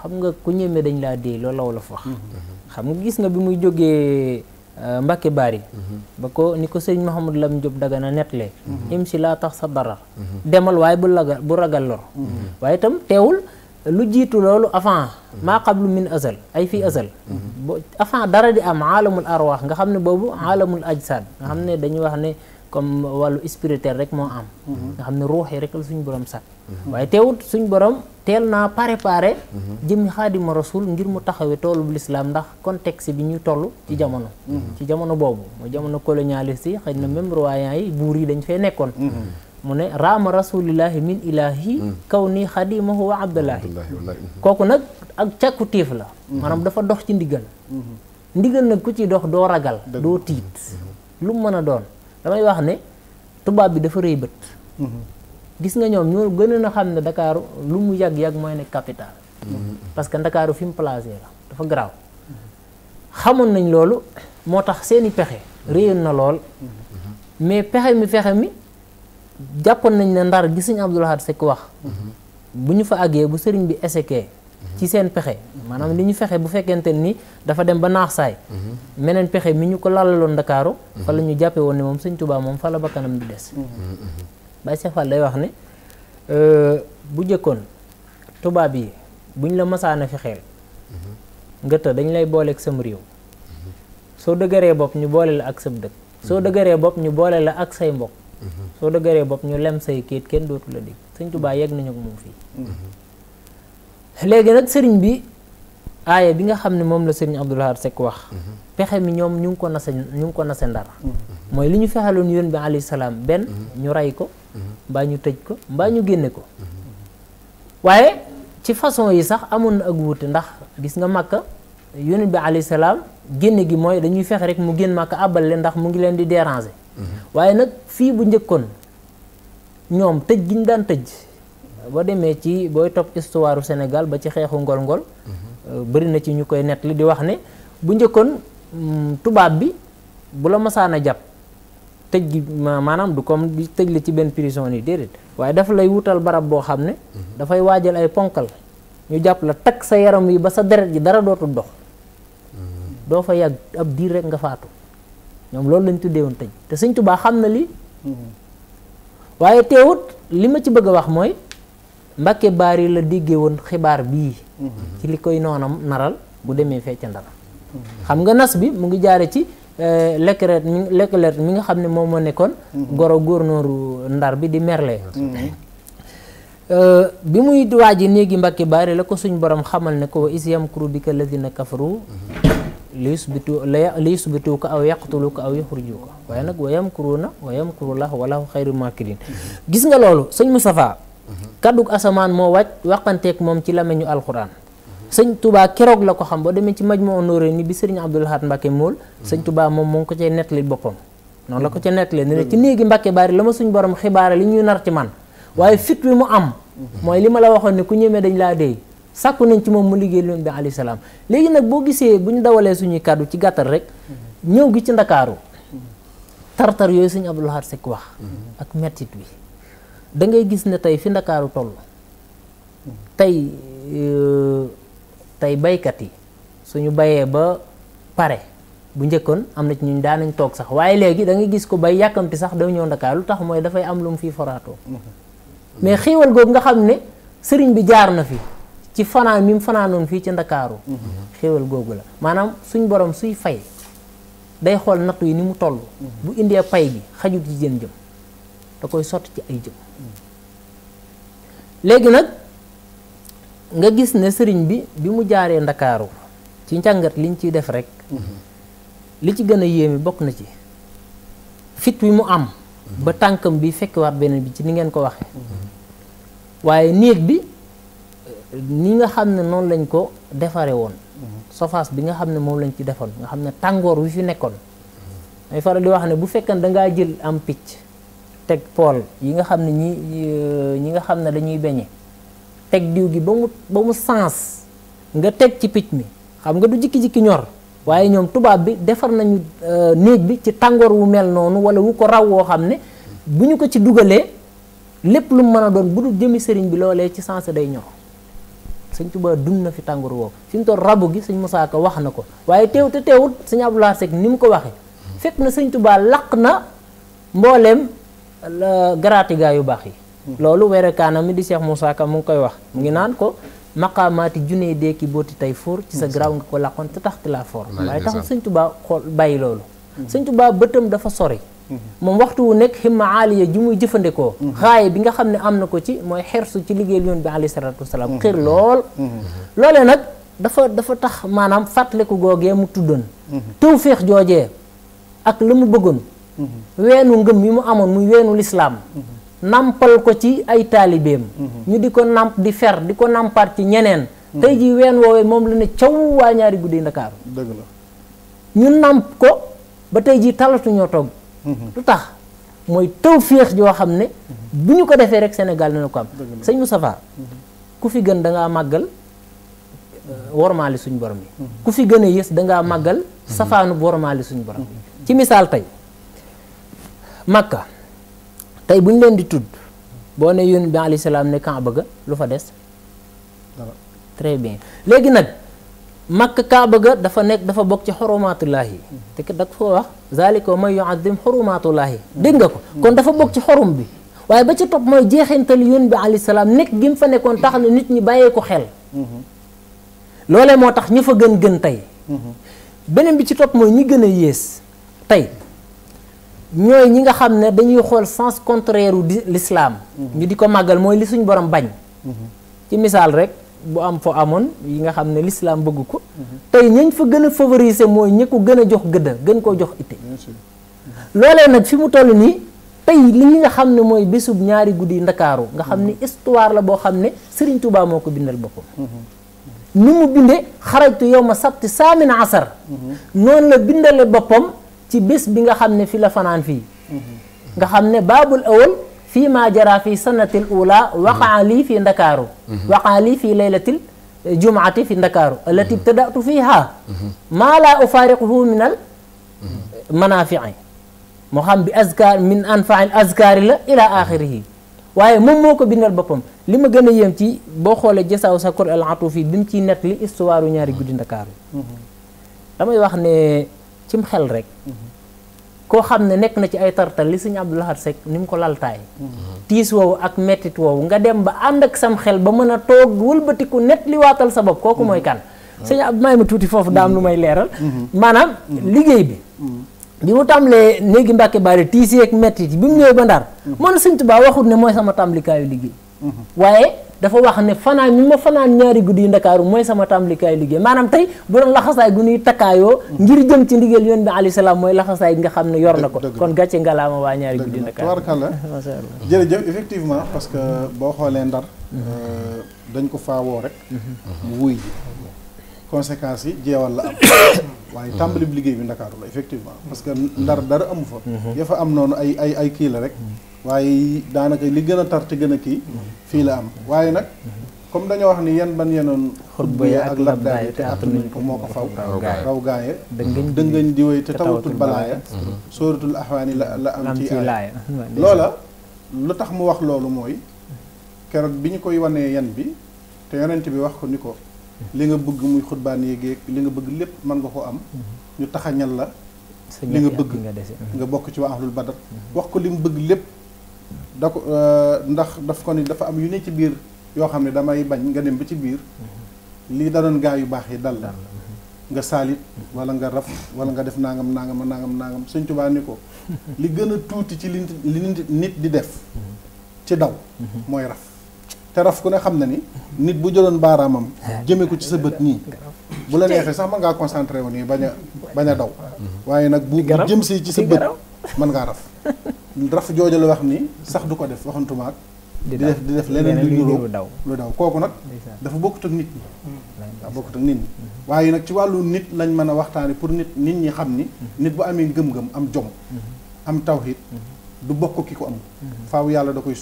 xam nga ku ñeme dañ laa dee loolu la wolof wax xam nga gis nga bi muy jógee euh, baar yi ba ko ni ko sëriñ Mouhamadou Lam Diop Dagana nettalee mhm. im si laa tax sa dara demal waaye bu lagal bu ragal lor mhm. waaye itam teewul lu jiitu loolu avant maa qablu min azal ay fii azal avant dara di am aalamul arwaax nga xam ne boobu aalamul ajsaad nga xam ne dañuy wax ne comme wàllu spirituel rek moo am nga xam ne ruux yi rek la suñ borom sax waaye teewut suñ borom teel naa préparé jëmmi xaadima rasul ngir mu taxawee toolub lislaam ndax kon contexte bi ñu toll ci jamono ci jamono boobu mooy jamono colonialiste yi xëy na membre royaume yi buur yi dañ fee nekkoon mu ne raama rasulillahi min ilahi mm. kaw nii xadimahu wa abdullahi mm-hmm. kooku nag ak càkku tiif la mm-hmm. maanaam dafa dox ci ndigal mm-hmm. ndigal nag ku ci dox doo ragal doo tiit lu mu mën a doon damay wax ne tubaab bi dafa rëy bët gis nga ñoom ñoo gën a xam ne ndakaaru lu mu yàgg-yàgg mooy ne capital parce que Ndakaaru fi mu placé la dafa garaaw xamoon nañ loolu moo tax seeni pexe réyoon na lool mais pexe mi pexe mi Japon nañ ne ndar gi sëñ Abdou Lahad sek wax buñu fa agge bu sëriñ bi esekee ci seen pexé manam li ñu fexe bu fekente ni dafa dem ba nax say menen pexé mi ñu ko lalalon dakaro fa lañu jappé won ni mom moom touba mom fa la bakanam di dess Baye Cheikh Fall lay wax euh bu jëkkoon touba bi buñ la masaana fi xel nga dañ lay ak sam so deugéré bop ñu bolé la ak sam so deugéré bop ñu bolé la ak say mbokk soo dëgëree bopp ñu lem say kéet kenn dootu la dégg sëñ Tuubaa yegg nañu ko moom fii léegi nag sëriñ bi aaya bi nga xam ne moom la sëriñ Abdou Lahad Seck wax pexe mi ñoom ñu ngi ko nase ñu ngi ko nase ndar mooy li ñu fexaloon yoonu bi alayhi salaam benn ñu rey ko mbaa ñu tëj ko mbaa ñu génne ko waaye ci façon yi sax amoon na ak wuute ndax gis nga makka yonent bi alayhi salaam génne gi mooy dañuy fexe rek mu génn màkka abal leen ndax mu ngi leen di déranger waaye nag fii bu njëkkoon ñoom tëj gi ñu daan tëj boo demee ci booy topp histoire senegal ba ci xeexu ngol-ngol mhm. bëri na ci ñu koy nettali di wax ne bu njëkkoon mm, tubaab bi bu la masaana jàpp tëj gi maanaam du comme di tëj la ci benn prison yi déedéet waaye dafa lay wutal barab boo xam ne mhm. dafay waajal ay ponkal ñu jàpp la takk sa yaram wi ba sa deret yi dara dootul dox mhm. doo fa yàgg ab diir rek nga faatu ñoom loolu lañ tuddee woon tëj te sëñ Tuubaa xam na lii mhm. waaye teewut li ma ci bëgg a wax mooy Mbàkke Baari la déggee woon xibaar bii mhm. ci li koy noonam naral bu demee fee ca Ndar mhm. xam nga nas bi mu ngi jaare ci euh, Leclerc mi Leclerc mi nga xam ne moom moo nekkoon goro góornóoru Ndar bi di Merle euh, bi muy waaji néegi Mbàkke Baari la ko suñ borom xamal ne ko wa is yamkuru bika lazina kafaru liyusbituuka aw yaqtuluuka aw yuxrijuuka waaye nag wa yamkuruuna wa yamkurullah wallahu xayru makirin gis nga loolu sëñ Moustapha kaddug asamaan moo wàcc waqanteeg moom ci lameñu alquran sëñ Touba keroog la ko xam boo demee ci Majmuu Nuurayni bi sëriñ Abdul Ahad Mbàkke mool sëñ Touba moom moo ngi ko cay nettali boppam noonu la ko ca nettalee ne ci néegi Mbàkke Baari la suñ borom li ñuy nar ci man mu am mooy li ma la waxoon ne ku dañ déy sàkku nañ ci moom mu liggéey loon bi alayhi salaam léegi nag boo gisee bu ñu dawalee suñuy kàddu ci gàttal rek ñëw gi ci ndakaaru tartar yooyu suñu Abdou Lahad Seck wax ak mettit wi da ngay gis ne tey fi ndakaaru toll tey tey baykat yi suñu bayee ba pare bu njëkkoon am na ci ñun daanañ toog sax waaye léegi da ngay gis ko bay yàkkamti sax da ñëw ndakaar lu tax mooy dafay am lu mu fii foraatoo mm-hmm. mais xiiwal googu nga xam ne sëriñ bi jaar na fi ci fanaan mi mu fanaanoon fii ci ndakaaru xéewal googu la maanaam suñ boroom suy fay day xool nattu yi ni mu toll bu indee pay gi xajut ci jën jëm da koy sotti ci ay jëm léegi nag nga gis ne sëriñ bi bi mu jaaree ndakaaru ci njàngat liñ ciy def rek li ci gën a yéeme bokk na ci fit wi mu am ba tànkam bi fekkiwaat beneen bi ci ni ngeen ko waxe waaye néeg bi ni nga xam ne noonu lañ ko defare woon mhm. surface bi nga xam ne moom lañ ci defoon nga xam ne tàngoor wu fi nekkoon may faral di wax ne bu fekkan da ngaa jël am picc teg pool yi nga xam ne ñi ñi nga xam ne dañuy beñe teg diw gi ba mu ba mu sens nga teg ci picc mi xam nga du jikki-jikki ñor waaye ñoom tubaab bi defar nañu euh, néeg bi ci tàngoor wu mel noonu wala wu ko raw woo xam ne bu ñu ko ci dugalee lépp lu mu mën a doon bu dul jëmi sëriñ bi loolee ci sens day ñor sëñ Tuubaa dund na fi tàngoor woowu fi mu toll rabu gi sëñ Musaa Ka wax na ko waaye teew te teewut sëñ Abdou Lahad Seck ni mu ko waxee fekk na sëñ Tuubaa laq na mbooleem garaatigaa yu baax yi loolu kaanam mi di Cheikh Musaa Ka mu ngi koy wax mu ngi naan ko maqaamaati junne deeki booti tay foor ci sa garaaw nga ko laqoon te tax ti laa foor waaye tax sëñ Tuubaa xool bàyyi loolu sëñ Tuubaa bëtam dafa sori mom waxtu wu nekk himma aliya ji muy jëfandikoo mhm. bi nga xamne ne ko ci moy xersu ci liggéeyal yon bi alayhi salaatu wasallam mhm. xir lol mhm. lolé nak dafa dafa tax maanaam ko googee mu tudon tawfiq jojé ak la mu bëggoon weenu ngëm yi mu amon muy wénu l'islam nampal ko ci ay talibem ñu diko namp di fer diko nampar ci ñeneen tay ji wén wowe mom la ne ciow wa ñaari guddi deug la ñu namp ko ba tay ji talatu ñoo tok lu tax mooy tawféex joo xam ne bu ñu ko defee rek Sénégal dina ko am sëñ Moustapha ku fi gën dangaa ngaa màggal euh, wormaali suñu borom bi ku fi gën a yées dangaa ngaa màggal safaanu wormaali suñu borom ci misaal tey Makka tey bu ñu leen di tudd boo ne yónni bi alayhi salaam ne Kaaba ga lu fa des très bien léegi nag Makka Kaaba ga dafa nekk dafa bokk ci xoromaatullaahi mmh. te dafa wax zalika wa man yuaddim xurumatullahi dégg nga ko kon dafa bokk ci xorum bi waaye ba ca topp mooy jeexintal yoon bi alayhi salaam nekk gi mu fa nekkoon tax na nit ñi bàyyee xel loole moo tax ñu fa gën gën tey beneen bi ci topp mooy ñi gën a yées tey ñooy ñi nga xam ne dañuy xool sens contraire u l'islam ñu di ko màggal mooy li suñ borom bañ ci misaal rek bu am foo amoon yi nga xam ne lislaam bëgg ko tey ñañ fa gën a favoriser mooy ñi ko gën a jox gëdd gën koo jox itte loolee nag fi mu toll nii tey li nga xam ne mooy bésub ñaari guddi ndakaaru nga xam ne mm-hmm. histoire la boo xam ne Serigne Touba moo ko bindal boppam mm-hmm. ni mu binde xarajtu yow ma sabti saamin asar mm-hmm. noonu la bindale boppam ci bés bi nga xam ne fi la fanaan fii nga xam ne baabul awal فيما جرى في سنة الأولى وقع لي في دكارو وقع لي في ليلة الجمعة في دكارو التي ابتدأت فيها ما لا أفارقه من المنافع مهم بأذكار من أنفع الأذكار إلى آخره waye mom moko bindal bopam lima gëna yëm ci bo العطوفي jessaw sa qur'an atufi bim ci لما li histoire خلرك koo xam ne nekk na ci ay tartal li sëñ Abdou Lahad Seck ni mu ko laltaay tiis woowu ak mettit woowu nga dem ba ànd ak sam xel ba mën a toog wëlbatiku net li waatal sa bopp kooku mooy kan sañ Abdou may ma tuuti foofu daam lu may leeral maanaam liggéey bi bi mu tàmbalee néegi Mbàkke Bari tiis yeeg mettit yi bi mu ñëwee ba Ndar mën mm-hmm. sëñ Tuubaa waxut ne mooy sama tàmbalikaayu liggéey mm-hmm. waaye dafa wax ne fanaan ñu ma fanaan ñaari guddi yu ndakaaru mooy sama tàmbalikaay liggéey maanaam tey bu doon laxasaay gu nuy takkaayoo mm. ngir jëm ci ndigal yoon bi alayhi salaam mooy laxasaay nga xam ne yor na ko kon gàcce ngalaama waa ñaari guddi yu ndakaaru tubaarkalla jërëjëf effectivement parce que boo xoolee ndar mm-hmm. euh, dañ ko faawoo rek mm-hmm. mu wuy ji conséquences yi jeewal la am waaye bi ndakaaru la effectivement parce que ndar mm-hmm. dara amu fa ya fa am noonu ay ay ay kii la rek waaye daanaka li gën a tar te gën a kii fii la am waaye nag comme dañoo wax ni yan ban yenoon xutba ya ak labdaay te attanuñ ko moo ko faw raw gaaya dëngañ di wéy te tawatul balaaya sóoratul axwaani la la am ci aaya loola lu tax mu wax loolu mooy keroog bi ñu koy wanee yan bi te yonent bi wax ko ni ko li nga bëgg muy xutbaan yéeg li nga bëgg lépp mën nga koo am ñu taxañal la li nga bëgg nga bokk ci waa ahlul badar mm-hmm. wax ko li mu bëgg lépp dako ko eh, ndax daf ko ni dafa am yu ne ci bir yo xam ne damay bañ nga dem ba ci bir mm-hmm. li da don gaay yu bax yi dal mm-hmm. nga salit mm-hmm. wala nga raf wala nga def nangam nangam nangam nangam seigne touba niko li gën a tuuti ci li nit di def ci daw moy raf te raf ku ne xamna ni nit bu jëlon baramam jëme ko ci sa bët nii bu la nexé sax ma nga concentré woni baña baña daw waye nak bu jëm si ci sa beut man nga raf raf jojo la wax ni sax du ko def waxantuma ak di def di def leneen lu ñuro lu daw koku nak dafa bokku ak nit ñi da bokku ak nit ñi mhm. waye nak ci walu nit lañ mëna waxtani pour nit nit ñi xam ni mhm. nit bu amé ngëm-ngëm am jom mhm. am tawhid du bokku kiko am faaw yalla da koy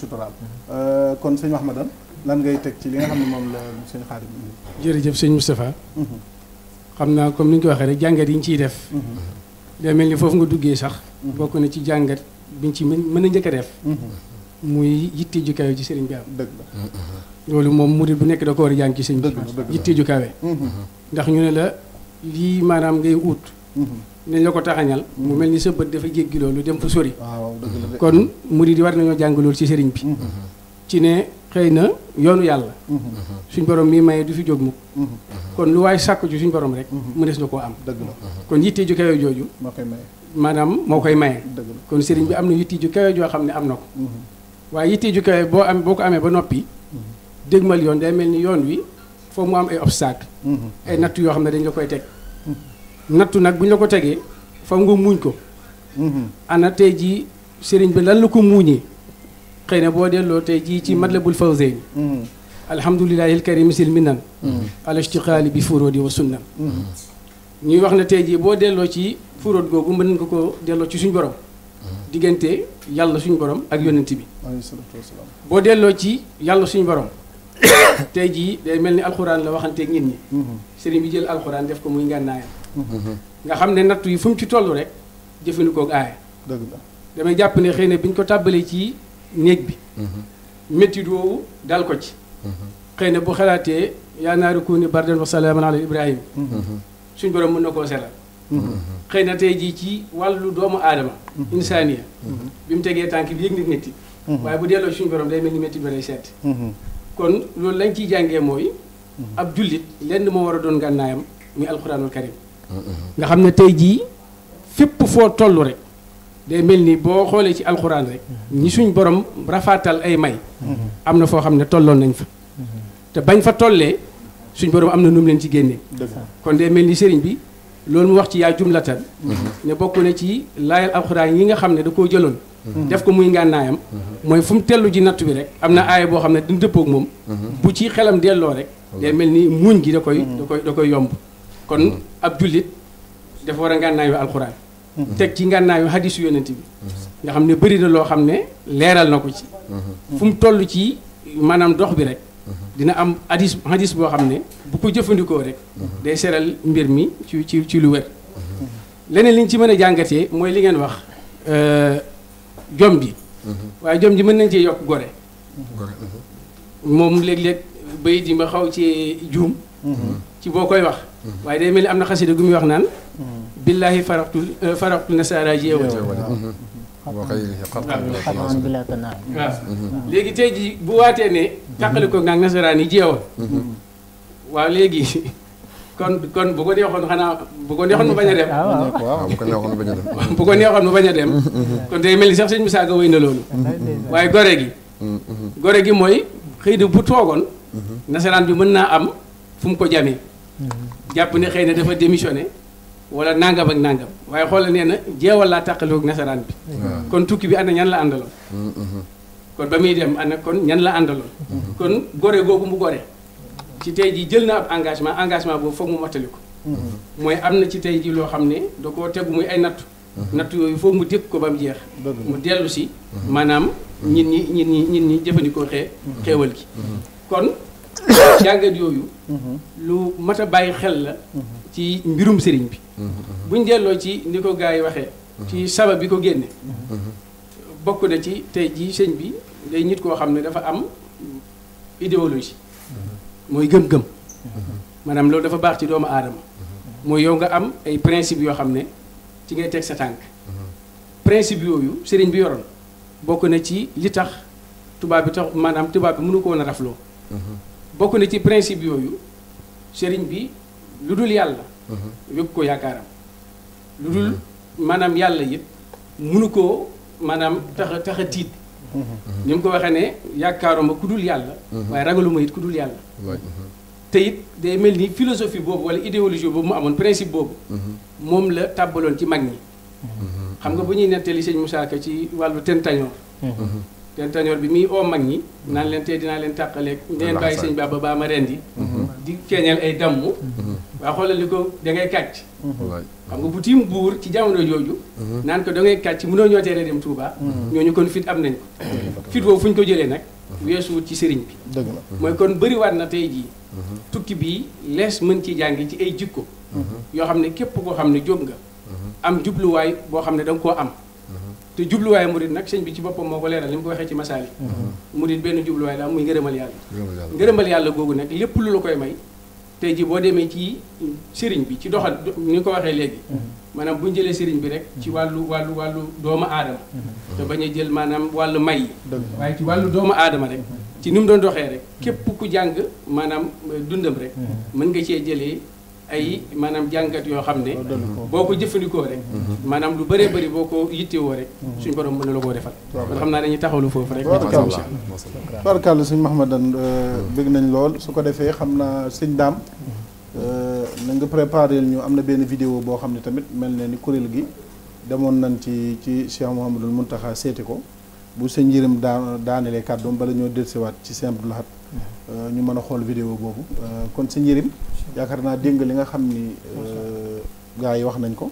euh kon seigne Mahmadan lan ngay tek ci li nga xam ne moom la seigne khadim jërëjëf jeuf seigne mustapha xamna comme ni ko rek jangat yi ñu def day melni fofu nga duggé sax bokku na ci jangat biñ ci mën mën a njëkk a def. Mm-hmm. muy yitte ju ci sëriñ bi am. loolu moom murid bu nekk da ko war a jàng ci sëriñ bi. yitte ju mm-hmm. ndax ñu ne la lii maanaam ngay ut. Mm-hmm. nañ la ko taxañal mu mel ni sa bët dafa jéggi lu dem fa sori. kon murid yi war nañoo jàng loolu ci sëriñ bi. ci ne. xëy na yoonu yàlla suñ borom mii maye du fi jóg mukk kon lu waaye sàkku ci suñ borom rek mënees na koo am dëgg la kon yitte ju kawe jooju moo koy maanaam moo koy maye kon sëriñ bi am na yitte ju kawe joo xam ne am na ko waaye yitte ju kawe boo am boo ko amee ba noppi dégmal yoon day mel ni yoon wi foo mu am ay obstacle ay natt yoo xam ne dañ la koy teg natt nag bu ñu la ko tegee faw nga muuñ ko mhm. ana tey jii sëriñ bi lan la ko muuñee xëy bo delo delloo ji ci madlabul fawzeyni alhamdulilahi alkarim sil minan al ishtiqal bi furud wa sunna ñuy wax na tey ji bo delo ci furud gogu mën nga ko delo ci suñ borom diggante yàlla suñ borom ak yonent bi bo delo ci yàlla suñ borom tey ji day melni alquran alxuraan la waxanteeg nit ñi sëriñ bi jël alquran def ko muy ngannaay nga xamne nattu yi fu mu ci tollu rek jëfandikoo ak aaya deug la damay jàpp ne xeyna biñ ko tabalé ci néeg bi. Mhm. métti woowu dal ko ci. Mhm. xëy na bu xalaatee yaa naari kuuni bardan wa salaaman ala Ibrahima. Mhm. suñ borom mën na koo selal. xëy na tey jii ci wàllu doomu aadama. insaaniya bi mu tegee tànk bi yëg nit métti. waaye bu delloo suñu borom day mel ni métti bi day seet. kon loolu lañ ciy jàngee mooy. ab jullit lenn moo war a doon gànnaayam muy alxuraanul karim. nga xam ne tey jii fépp foo toll rek. day mel ni boo xoolee ci alxuraan rek ñi suñ borom rafaatal ay may am na foo xam ne tolloon nañ fa te bañ fa tollee suñ borom am na nu mu leen ci génnee kon day mel ni sëriñ bi loolu mu wax ci yaa jumlatan ne bokk na ci laayal alxuraan yi nga xam ne da koo jëloon def ko muy ngànnaayam mooy fu mu tellu ji nattu bi rek am na aaya boo xam ne dina dëppook moom bu ci xelam delloo rek day mel ni muuñ gi da koy da koy da koy yomb kon ab jullit dafa war a ngànnaay teg ci ngànnaayu hadis yonent bi nga xam ne bëri na loo xam ne leeral na ko ci fu mu toll ci maanaam dox bi rek dina am hadis hadis boo xam ne bu ko jëfandikoo rek day seral mbir mi ci ci ci lu wér leneen li ñu ci mën a jàngatee mooy li ngeen wax euh, jom bi waaye jom ji mën nañ cee yokk gore moom léeg-léeg bay di ma xaw ci juum ci boo koy wax waaye day mel ni am na xasida gu muy wax naan billaahi faraxtu eh, faraxtu nasaara ji eewal mm-hmm. mm-hmm. bu waatee ne tàqali ko nga nasaraan yi jeewal mm-hmm. waaw léegi kon kon bu ko neexoon xanaa bu ko neexoon mu bañ a dem waaw bu ko neexoon mu bañ a dem neexoon mu bañ a dem kon day mel ni sax sëñ Moussa Ka wéy na loolu waaye gore gi gore gi mooy xëy bu toogoon nasaraan bi mën naa am fu ko jamee jàpp ne xëy na dafa démissionné wala nàngam ak nàngam waaye xoolal nee na jeewal laa tàqaloog nasaraan bi. kon tukki bi na ñan la àndaloon. Mm, mm-hmm. kon ba muy dem ana kon ñan la àndaloon. Mm-hmm. kon gore googu mu gore. ci tey jii jël na ab engagement engagement boobu foog mu mottali ko. Mm-hmm. mooy am na ci tey jii loo xam ne da koo tegu muy ay nattu. nattu yooyu foog mu dégg ko ba mu jeex. mu dellu si. maanaam ñit ñi ñit ñi ñit ñi jëfandikoo xee xeewal gi. kon jàngat yooyu. lu mat a bàyyi xel la. ci mbirum sëriñ bi mhm, mhm. buñ delloo ci ni ko gaa yi waxee mhm. ci sabab bi ko génne bokk na ci tey jii sëñ bi day nit koo xam ne dafa am idéologie mooy gëm-gëm maanaam loolu dafa baax ci doomu aadama mooy yow nga am ay principe yoo xam ne ci ngay teg sa tànk principe yooyu sëriñ bi yoroon bokk na ci li tax tubaab bi tax maanaam tubaab bi mënu ko woon a rafloo bokk na ci principe yooyu sëriñ bi lu dul yàlla mhm. yóbbu ko yaakaaram lu dul mhm. maanaam yàlla it munu koo maanaam tax a tax a tiit mhm. ni mu ko waxee ne yaakaaruma ku dul yàlla waaye ragaluma it ku dul yàlla te it day mel ni philosophie boobu wala idéologie boobu mu amoon principe boobu moom la tàbbaloon ci mag ñi xam nga bu ñuy nettali sëñ Moussa Ka ci wàllu tentañoor tentañoor bi muy oo mag ñi naan leen tey dinaa leen tàqaleeg ngeen bàyyi sëñ Baba baa ma rendi di feeñal ay damm waaw xoolal li ko dangay ngay kàcc mhm. xam nga bu tiim buur ci jamono jooju mhm. naan ko da ngay kàcc munoo ñoo teeree dem mhm. ñoo ñu kon fit am nañ ko fit boobu fu ñu ko jëlee nag weesuwut ci sëriñ bi dëgg mooy kon bëriwaat na tey jii tukki bii lees mën ci jàng ci ay jikko yoo xam ne képp koo xam ne jóg nga am jubluwaay boo xam ne da nga am te jubluwaay murid nag sëñ bi ci boppam moo ko leeral li mu ko waxee ci masaali murid benn jubluwaay la am muy ngërëmal yàlla ngërëmal yàlla googu nag lépp lu la koy may tey ji boo demee ci sëriñ bi ci doxal ni ko waxee léegi mhm. maanaam bu jëlee sëriñ bi rek ci mhm. wàllu wàllu wàllu doomu aadama mhm. te bañ a jël maanaam wàllu may yi waaye ci wàllu doomu aadama rek ci ni mu doon doxee rek képp ku jàng maanaam dundam rek mën nga cee jëlee ay maanaam jàngat yoo xam ne boo ko jëfandikoo rek mhm. maanaam lu bëree bëri boo ko yittewoo rek mhm. suñ borom mën na la koo defal kon xam naa dañuy taxawlu foofu rek barkàlla suñ mahamadan euh, mhm. bëgg nañ lool su ko defee xam naa sëñ daam euh, na nga préparé ñu am na benn vidéo boo xam ne tamit mel ne ni kuréel gi demoon nañ ci ci Cheikh mun Mountakha seeti ko bu sëñ njërim daa daanelee kàddoom bala ñoo dellusiwaat ci sëñ Abdou Lahad ñu mën a xool vidéo boobu euh, kon sëñ Yérim yaakaar naa dégg li nga xam ni euh, gaa yi wax nañ ko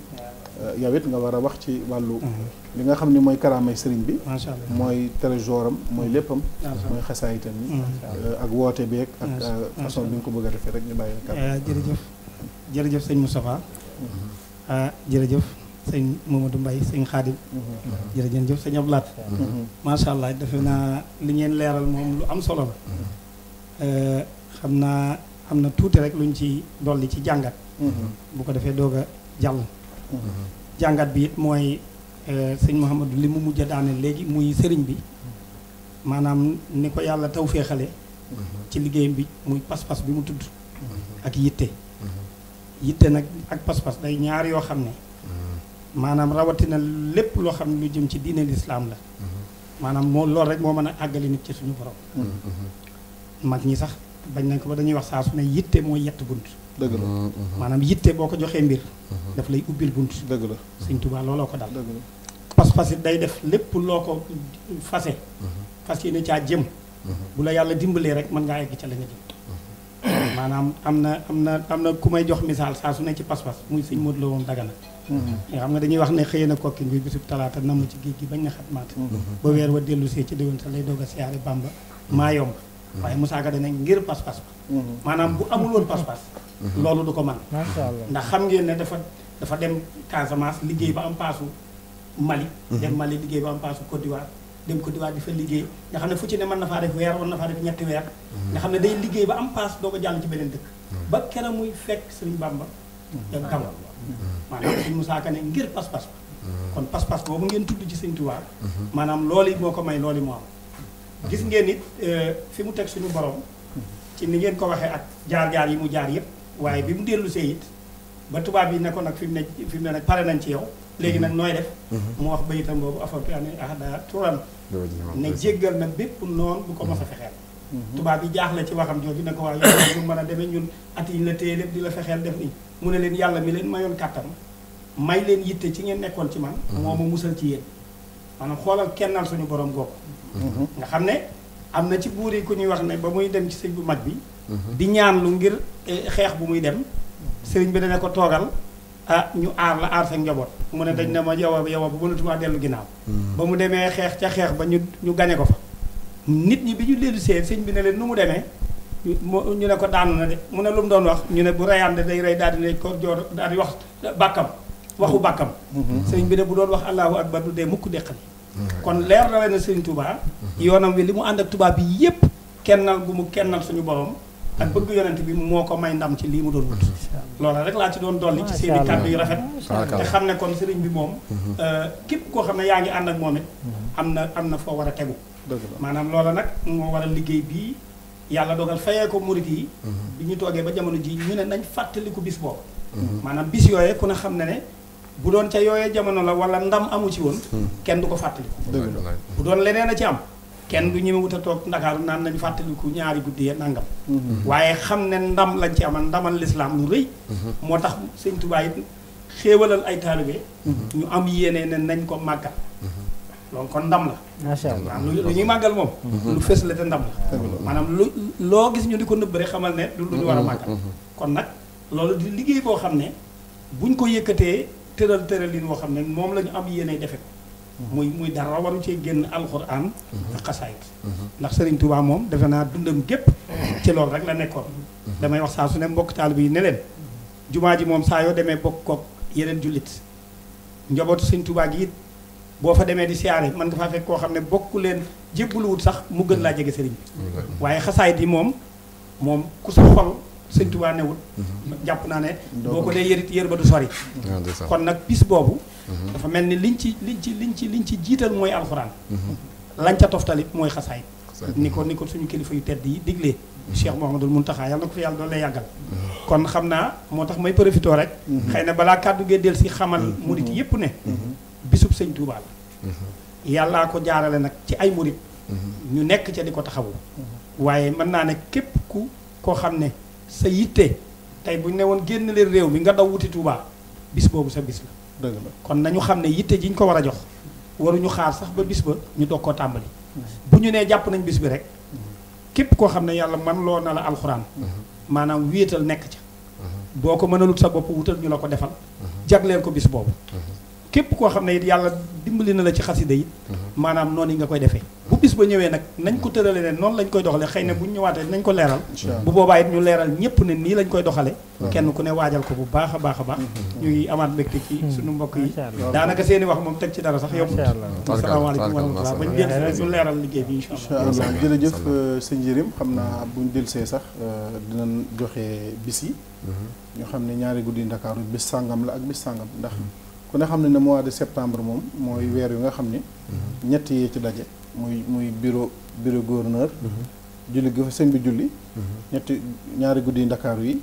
euh, yow it nga war a wax ci wàllu mm-hmm. li nga xam ni mooy karaamay sëriñ bi mooy trésor am mooy mm-hmm. léppam mooy xasaayitam yi mm-hmm. ak woote beeg ak façon bi nga ko bëgg a defee rek ñu bàyyi la jërëjëf jërëjëf sëñ Moustapha jërëjëf sëñ Mamadou Mbaye sëñ Khadim jërëjëf sëñ Ablaat macha allah defe naa li ngeen leeral moom lu am solo la Euh, xam naa am na tuuti rek luñ ci dolli ci jàngat. Mm-hmm. bu ko defee doog a jàll. Mm-hmm. jàngat bi it mooy euh, sëñ Mouhamadou li mu mujj daane léegi muy sëriñ bi maanaam ni ko yàlla taw féexale mm-hmm. ci liggéeyam bi muy pas-pas bi mu tudd. ak yitte. yitte nag ak pas-pas day ñaar yoo xam ne. maanaam rawatina lépp loo xam ne lu jëm ci diine lislaam la. maanaam moo loolu rek moo mën a àggale nit ci suñu borom. mag ñi sax bañ nañ ko ba dañuy wax saa su ne yitte mooy yett bunt dëgg la mm-hmm. maanaam yitte boo ko joxee mbir mm-hmm. daf lay ubbil bunt si dëgg la sëñ Tuubaa looloo ko dal pas-pas it day def lépp loo ko fase mm-hmm. fas yéene caa jëm bu yàlla dimbalee rek mën ngaa egg ca la nga jëm am na am na am na ku may jox misaal saa su ci pas-pas muy woon Dagana nga xam nga dañuy wax ne xëy na kokki nguy bisub talaata namm ci géej gi bañ na xatmaat ba weer wa dellu see ci déwén sa lay doog a siyaare Bàmba maa yomb waaye Moussa Ka dana ngir pas-pas ba mhm. maanaam bu amul woon pas-pas mhm. loolu du ko mën ndax xam ngeen ne dafa dafa dem Casamance liggéey ba am paasu Mali mhm. dem Mali liggéey ba am paasu Côte d'Ivoire dem Côte d'Ivoire di fa liggéey nga xam ne fu ci ne mën na faa def weer war na faa def ñetti weer nga xam ne day liggéey ba am paas doo ko jàll ci beneen dëkk ba keneen muy fekk Sëriñ Bàmba dem Kaolack maanaam Sëriñ Moussa Ka ne ngir pas-pas ba kon pas-pas boobu ngeen tudd ci Sëriñ Tuubaa maanaam loolu moo ko may loolu moo am gis ngeen it euh, fi mu teg suñu borom ci ni ngeen ko waxee ak jaar-jaar yi mu jaar yëpp waaye bi mu dellu see it ba tubaab yi ne ko nag fi mu ne fi mu ne nag nañ ci yow léegi nag nooy def mm-hmm. mu wax ba itam boobu afapi ane ahda turan ne jéggal na bépp noonu bu ko mos a fexeel mm-hmm. tubaab yi jaaxle ci waxam jooju ne ko waaye yow mën a demee ñun at yi ñu la téye lépp di la fexeel def nii mu ne leen yàlla mi leen mayoon kàttan may leen yitte ci ngeen nekkoon ci man mm-hmm. moo ma musal ci yéen maanaam xoolal kennal suñu borom gopp nga xam ne am na ci buur yi ku ñuy wax ne ba muy dem ci sëñ bu mag bi. di ñaan lu ngir eh, xeex bu muy dem. sëriñ bi ne ko toogal ah ñu aar la aar sa njaboot. mu ne dañ ne ma yow yow bu mënatumaa dellu ginnaaw. ba mu demee xeex ca xeex ba ñu ñu gañe ko fa. nit ñi bi ñu dellu see sëñ bi ne leen nu mu demee ñu ne ko daanu na de mu ne lu mu doon wax ñu ne bu reyaan de day rey daal di ne ko joor daal di wax bàkkam waxu bàkkam. Mm-hmm. sëñ bi ne bu doon wax allahu akbar du dee mukk deqal. kon leer na leen ne Serigne Touba. yoonam wi li mu ànd ak Touba bi yépp kennal gu mu kennal suñu borom. ak bëgg yonent bi moo ko may ndam ci lii mu doon wut. loola rek laa ci doon dolli ci seen i kàddu yu rafet. te xam ne kon Serigne bi moom. Mhm. Euh, képp koo xam ne yaa ngi ànd ak moom mhm. am na am na foo war a tegu. maanaam loola nag moo war a liggéey bii yàlla dogal fayee ko murit yi. Mhm. bi ñu toogee ba jamono jii ñu ne nañ fàttaliku bis boobu. maanaam bis yooyee ku ne xam ne ne. bu doon ca yooyee jamono la wala ndam amu ci woon. Hmm. kenn du ko fàttaliku. bu doon leneen a ci am kenn du ñeme a toog ndakaaru naan nañu fàttaliku ñaari guddi yee nangam. Hmm. waaye xam ne ndam lañ ci amal ndamal lislaam lu rëy. Hmm. moo tax sëñ Tuubaa it xéewalal ay taalibe ñu am yéene nañ ko màggal. donc kon ndam la. macha allah màggal moom. lu fës la te ndam la. maanaam lu loo gis ñu di ko nëbb rek xamal ne. du lu ñu war a màggal. kon nag loolu liggéey boo xam ne buñ ko yëkkatee. tëral tëralin woo xam ne moom la ñu am yéene defe ko mhm. muy muy dara waru cee génn alxuraan mhm. ak xasaayit mhm. ndax sëriñ Touba moom defe naa dundam gépp ci loolu rek la nekkoon damay wax saa su ne mbokk taalibe yi ne leen jumaa ji moom saa yoo demee bokk kook yeneen jullit njabootu Serigne Touba gi it boo fa demee di siyaare mën nga faa fekk koo xam ne bokk leen jépp jébbaluwut sax mu gën laa jege sëriñ bi waaye xasaayit yi moom moom ku sa xol sëñ Tuubaa newut mhm. jàpp naa ne boo ko dee yërit yër ba du sori ah, kon nag bis boobu mhm. dafa mel ni liñ ci liñ ci liñ ci liñ ci jiital mooy alxuraan mhm. lañ ca toftalit mooy xasaay ni ko ni ko suñu kilifa yu tedd yi diglee Cheikh Mouhamadul Mountakha yàlla na ko fi yàlla doon lay yàggal kon xam naa moo tax may profitoo rek xëy na balaa kàddu gee del si xamal murit yépp ne bisub sëñ Tuubaa la yàllaa ko jaarale nag ci ay murit ñu nekk ca di ko taxawu waaye mën naa ne képp ku koo xam ne sa yitte tey bu ne woon génn leen réew mi nga daw wuti Touba bis boobu sa bis la. dëgg la kon nañu xam ne yitte ji ñu ko war a jox waruñu xaar sax ba bis ba ñu doog koo tàmbali. bu ñu nee jàpp nañ bis bi rek. képp koo xam ne yàlla man loo na la alxuraan. maanaam wéetal nekk ca. boo ko mënalut sa bopp wutal ñu la ko defal. jagleel ko bis boobu. képp koo xam ne it yàlla dimbali na la ci xasida yi maanaam noon yi nga koy defee bu bis ba ñëwee nag nañ ko tërale ne noon lañ koy doxale xëy na bu ñu ñëwaatee nañ ko leeral bu boobaa it ñu leeral ñëpp ne nii lañ koy doxale kenn ku ne waajal ko bu baax a baax a baax mm-hmm. ñuy amaat mbégte ci mm-hmm. suñu mbokk yi daanaka seeni wax moom teg ci dara sax yombut asalaamaaleykum wa rahmatulah bañ del ñu leeral liggéey bi incha allah jërëjëf euh, sëñ Njërim xam naa buñ delsee sax euh, dinañ joxe bis yi mm-hmm. ñoo xam ne ñaari guddi Ndakaaru bis la ak bis ndax ku ne xam ne ne mois de septembre moom mooy weer yu nga xam ne ñett yee ci daje muy muy bureau bureau gouverneur mm-hmm. julli gi fa sëñ julli mm-hmm. ñetti ñaari guddi ndakaaru yi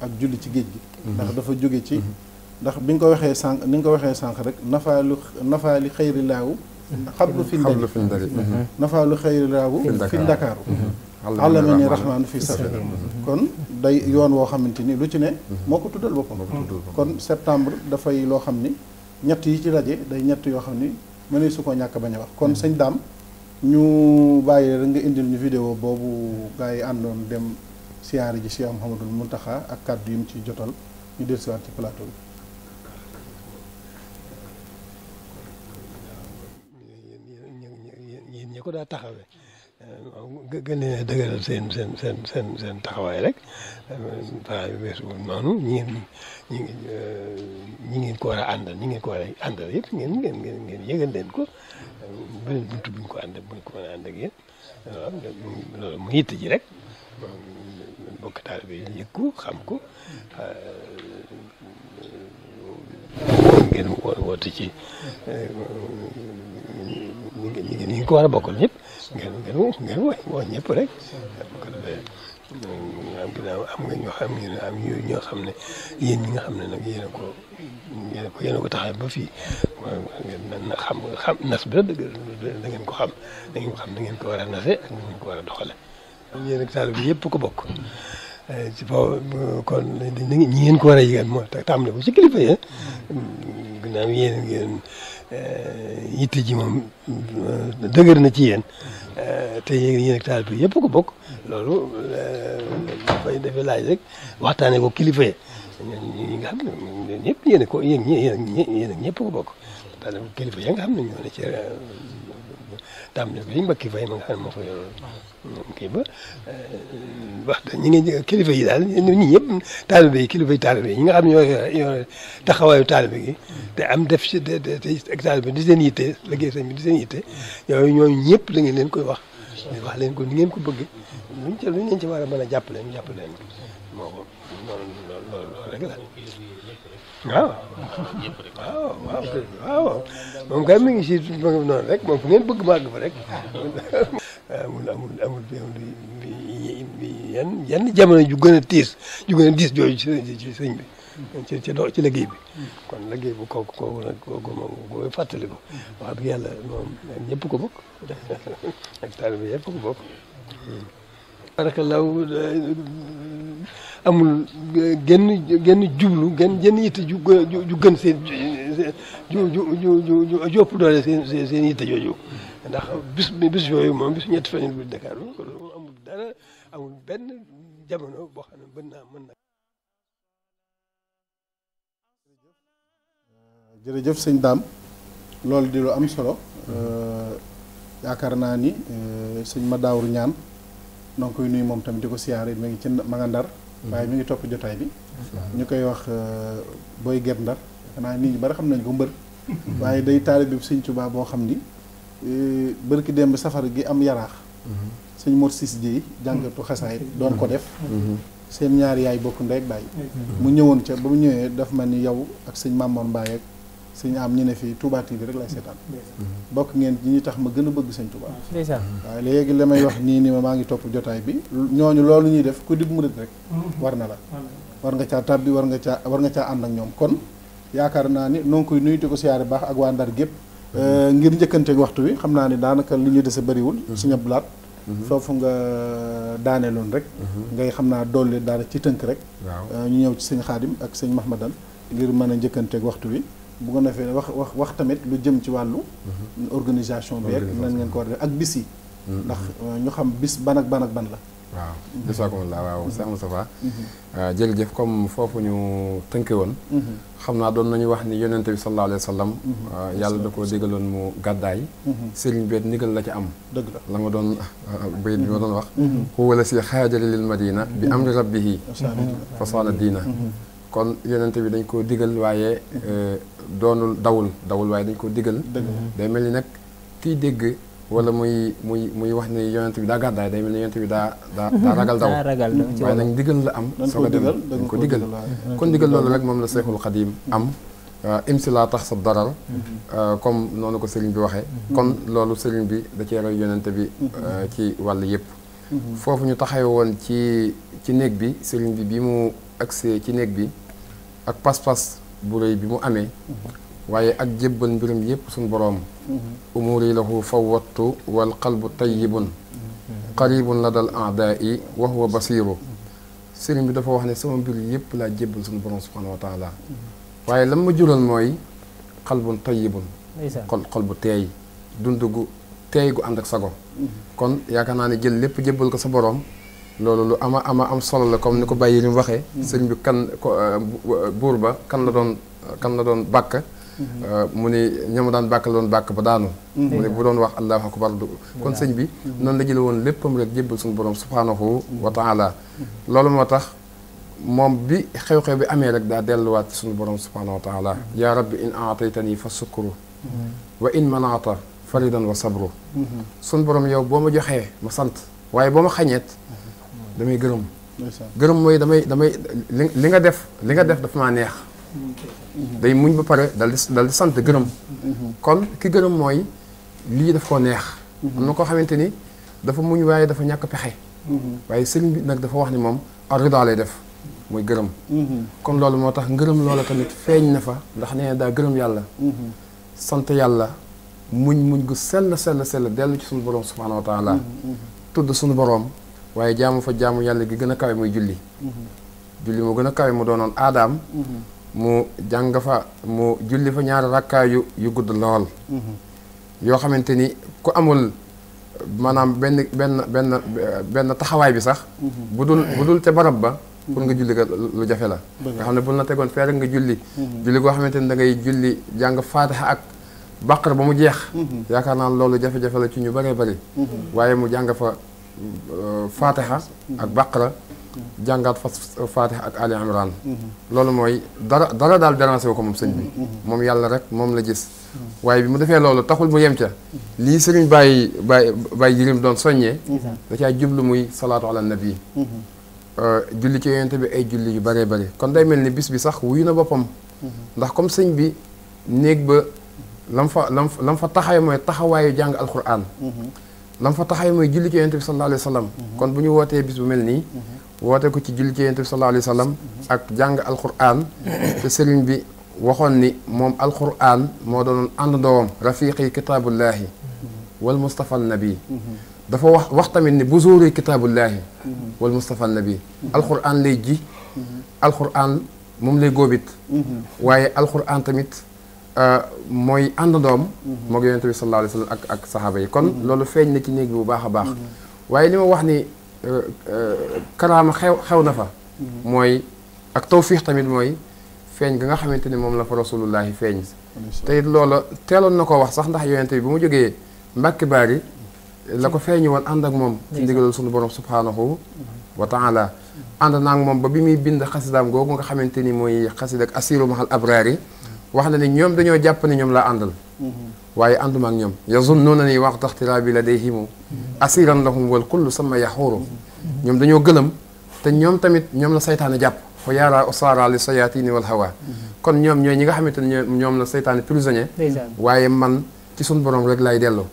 ak julli ci géej gi mm-hmm. ndax dafa jóge ci ndax bi nga ko waxee sànq ni nga ko waxee sànq rek nafaalu nafaali xëyri laawu xablu fi ndari nafaalu xëyri laawu fi ndakaaru allamani rahmaanu fi safari kon day yoon woo xamante ni lu ci ne moo tuddal kon septembre dafay loo xam ni ñett yi ci daje day ñett yoo xam ni wax kon hmm. sañ dam, ñu bàyyi rek nga indil ñu vidéo dem siyaare ji Cheikh Mouhamadul muntaha ak kàddu yi mu ci jotal ñu dellusiwaat ci plateau waaw gën leen a dëgëral seen seen seen seen seen taxawaay rek taxawaay bi weesu woon noonu ñi ngeen ñi euh, ñi ngeen ko war a àndal ñi ngeen ko war a àndal yëpp ngeen ngeen ngeen ngeen ko buntu buñ ko ànd buñ ko mën mu yitt ji rek bokk taal bi yëg ko xam ko ngeen ci euh, ñi ngeen ñi ngeen ko bokkal ñëpp ngeen ngeen woo ngeen woo woo ñëpp rek. am ginnaaw am nga ñoo xam ne am ñoo xam ne yéen ñi nga xam ne nag yéen a ko yéen a ko yéen a ko taxawee ba fii na xam xam nas bi rek da ngeen ko xam da ngeen ko xam da ngeen ko war a nase ak da ngeen ko war a doxale yéen ak taal bi yëpp ko bokk eh, ci foofu kon ñi ngeen ko war a yëgal moo tax tàmbale ko ci kilifa yi eh. ginnaaw yéen yéen eh, yitte ji moom dëgër na ci yéen Euh, te yéen ak taal bi yëpp ko bokk loolu euh, dafay dafa laaj rek waxtaanee ko kilifa yi ñi nga xam ne ñëpp yéen a ko yéen yéen ak ñëpp ko bokk daal kilifa ya nga xam ne ñoo ne ci euh, tàmbali ko yi mbakki fay ma nga xam ne moo fa yoroon kii ba euh, wax ñi nga kilifa yi daal ñun ñëpp taalibe yi kilifa yi taalibe yi ñi nga xam ne ñoo yore taxawaayu taalibe gi te am def ci te te ak taalibe di seen yitte liggéey bi di seen yitte yooyu ñëpp da ngeen leen koy wax. wax leen ko ni ngeen ko bëgg luñ ci war a mën leen moo ko loolu mi ngi si noonu rek fu ngeen bëgg màgg fa rek. amul amul amul yenn yenn jamono ju gën a tiis ju gën a diis jooju ci ci sëñ kon liggéey bu ko kooku nag kooku ko. wax dëgg yàlla moom ñëpp ko bokk. ak taalibe yëpp ko bokk. barakallahu amul genn genn jublu genn genn yitte ju ju gën seen ju ju ju ju ju ëpp doole seen seen ndax bis bis yooyu moom bis ñetti fan yi Dakar bi kon amul dara amul benn jamono boo xam ne mën naa mën naa. Euh, jërëjëf sëñ daam loolu di lu am solo euh, yaakaar naa ni euh, sëñ ma daawur ñaan noo koy nuyu moom tamit di ko siyaare mi ngi ci ma waaye mi ngi topp jotaay bi ñu koy wax booy ger ndar xanaa nit ñi bari xam nañ ko mbër waaye day bi sëñ boo xam ni Eh, bërki démb safar gi am yarax seigne mour Sis Dieye jàngatu xasaayit don ko def seen ñaar yaay bokku ndey ak bay mu ñewon ci ba ñewé daf mel ni yow ak seigne Mamour mbay ak seigne am ñene fi Touba TV rek lay seetaan bok ngeen ñi tax ma gëna bëgg seigne Touba waaw wax ni ni ma ngi top jotay bi ñoñu loolu ñi def ku dib murit rek war na la war nga ca tabbi war nga ca war nga ca and ak ñom kon yaakar na ni koy nuyu ko siyar baax ak Ndar Euh, ngir njëkkanteek waxtu wi xam naa ni daanaka li ñu dese bariwul mm-hmm. si ña blaat mm-hmm. foofu nga daaneeloon rek. Mm-hmm. ngay xam naa dolli daal ci tënk rek. Euh, ñu ñëw ci sëñ Xaadim ak sëñ Mahmadan ngir mën a njëkkanteeg waxtu wi. bu ko defee wax wax wax tamit lu jëm ci wàllu. organisation bi ak nan ngeen ko war a ak bis yi. ndax euh, ñu xam bis ban ak ban ban la. waaw jasakumulaa waaw Cheikh Moustapha mm-hmm. euh, jërëjëf comme foofu ñu tënke woon mm-hmm. xam naa doon nañu wax ni yonente bi sallallahu alayhi wa sallam mm-hmm. euh, yàlla da koo digaloon mu gàddaay sëriñ beet ndigal la ci am dëgg la ma doon euh, bayit bi ma doon wax huwa la si xaajali lil madina bi am amri rabbihi fasaana diina kon yonente bi dañ koo digal waaye doonul dawul dawul waaye dañ ko digal day mel ni nag kiy dégg wala muy muy muy wax ni yonent bi daa gàddaay day mel ni yonent bi daa daa ragal daw waaye nag ndigal la am soo dem dañ ko digal kon ndigal loolu rek moom la Seexul Xadiim am uh, imsi laa tax sa daral mhm. uh, comme noonu ko sëriñ bi waxee mhm. kon loolu sëriñ bi da cee roy yonent bi uh, mhm. ci wàll yëpp foofu ñu taxawe woon ci ci néeg bi sëriñ bi bi mu agsee ci néeg bi ak pas-pas bu rëy bi mu amee waye ak jébbal mbirum yep suñ borom umuri lahu fawwattu wal qalbu tayyibun qaribun ladal a'da'i wa huwa basir sëriñ bi dafa wax ne sama mbir yep la jébbal sun borom subhanahu wa taala waye lam ma jural moy qalbun tayyibun kon qalbu tay dundugu tay gu andak sago kon yaakaar naa ne jël lépp jébbal ko sa borom lolou lu ama ama am solo la comme niko baye bàyyi waxe serigne bi kan ko kan la don kan la don bakka Euh, mu ne ñama daan bàkk la doon bàkk ba daanu mhm. mu ne bu doon wax allahu akbar du kon sëñ bi mhm. noonu la jële woon léppam rek jébbal suñu borom subhanahu wa taala mhm. loolu moo tax moom bi xew-xew bi amee rek daa delluwaat suñu borom subhanahu wa taala yaa rabbi in aataytani fa sukuru wa in manaata faridan wa sabru suñu borom yow boo ma joxee ma sant waaye boo ma xañeet damay gërëm gërëm mooy damay damay li nga def li nga def dafa maa neex day muñ ba pare dal di dal sant gërëm. kon ki gërëm mooy lii daf koo neex. am na koo xamante ni dafa muñ waaye dafa ñàkk pexe. waaye sëriñ bi nag dafa wax ni moom arrida lay def mooy gërëm. kon loolu moo tax ngërëm loola tamit feeñ na fa ndax nee na daa gërëm yàlla. sant yàlla muñ muñ gu sell sell sell dellu ci suñu borom subhaanahu wa taala. tudd sunu boroom waaye jaamu fa jaamu yàlla gi gën a kawe muy julli. julli moo gën a kawe mu doonoon aadaam. mu jàng fa mu julli fa ñaari rakkaa yu yu gudd lool mm-hmm. yoo xamante ni ku amul maanaam benn benn benn benn taxawaay bi sax mm-hmm. bu dul bu dul te barab ba mm-hmm. pour nga julli ga lu jafe la nga xam ne bul na tegoon fee nga julli julli goo xamante ni da ngay julli jàng faatiha ak bàqar ba mu jeex yaakaar naa loolu jafe-jafe la ci ñu bëree bëri waaye mu jàng fa euh, faatiha ak bàqara jangat fatih ak Ali Imran lolu moy dara dara daal dérangé ko mom sëñ bi moom yàlla rek mom la gis waye bi mu defé lolu taxul mu yem ca li sëriñ bàyyi bàyyi bàyyi jirim doon soññee da ca djublu muy salatu ala nabi euh djulli ci yent bi ay djulli yu bare bare kon day melni bis bi sax wuyuna bopam ndax comme sëñ bi néeg ba lam fa lam lam fa taxay moy taxawayu jàng alquran lam fa taxay moy djulli ci yent bi sallallahu alayhi wasallam kon buñu wote bis bu melni woote ko ci julli ci yonent bi sallallahu alayhi wa sallam ak jàng alquran te sëriñ bi waxoon ni moom alquran moo doon ànd doowam rafiqi kitaabullaahi wal mustafa nabi dafa wax wax tamit ni bu zuuri kitaabullaahi wal mustafa nabi alquran lay ji alquran moom lay góobit waaye alquran tamit mooy ànd doom moo ko yonent bi sallallahu alayhi wa sallam ak ak saxaaba yi kon loolu feeñ na ci néeg bi bu baax a baax waaye li ma wax ni karaama euh, euh, xew xew na fa mhm. mooy ak tawfiix tamit mooy feeñ ga nga xamante ni moom la fa rasulullahi feeñ te it loola teeloon na ko wax sax ndax yonente bi bu mu jógee mbàkki baari la ko feeñu woon ànd ak moom ci ndigalul suñu borom subhaanahu mhm. wa taala ànd naa ak moom ba bi muy bind xasidaam googu nga xamante ni mooy xasid ak asiru mahal abraari mhm. wax na ni ñoom dañoo jàpp ne ñoom laa àndal waaye ànduma ak ñoom yazunnuuna ni waqta ixtilaabi ladayhimu asiran lahum wal kullu sama yaxuuru ñoom dañoo gëlëm te ñoom tamit ñoom la saytaane jàpp fa yaara usaara li sayatini wal hawa kon ñoom ñooy ñi nga xamante ne ñoom la saytaane prisonnier waaye man ci suñ borom rek lay delloo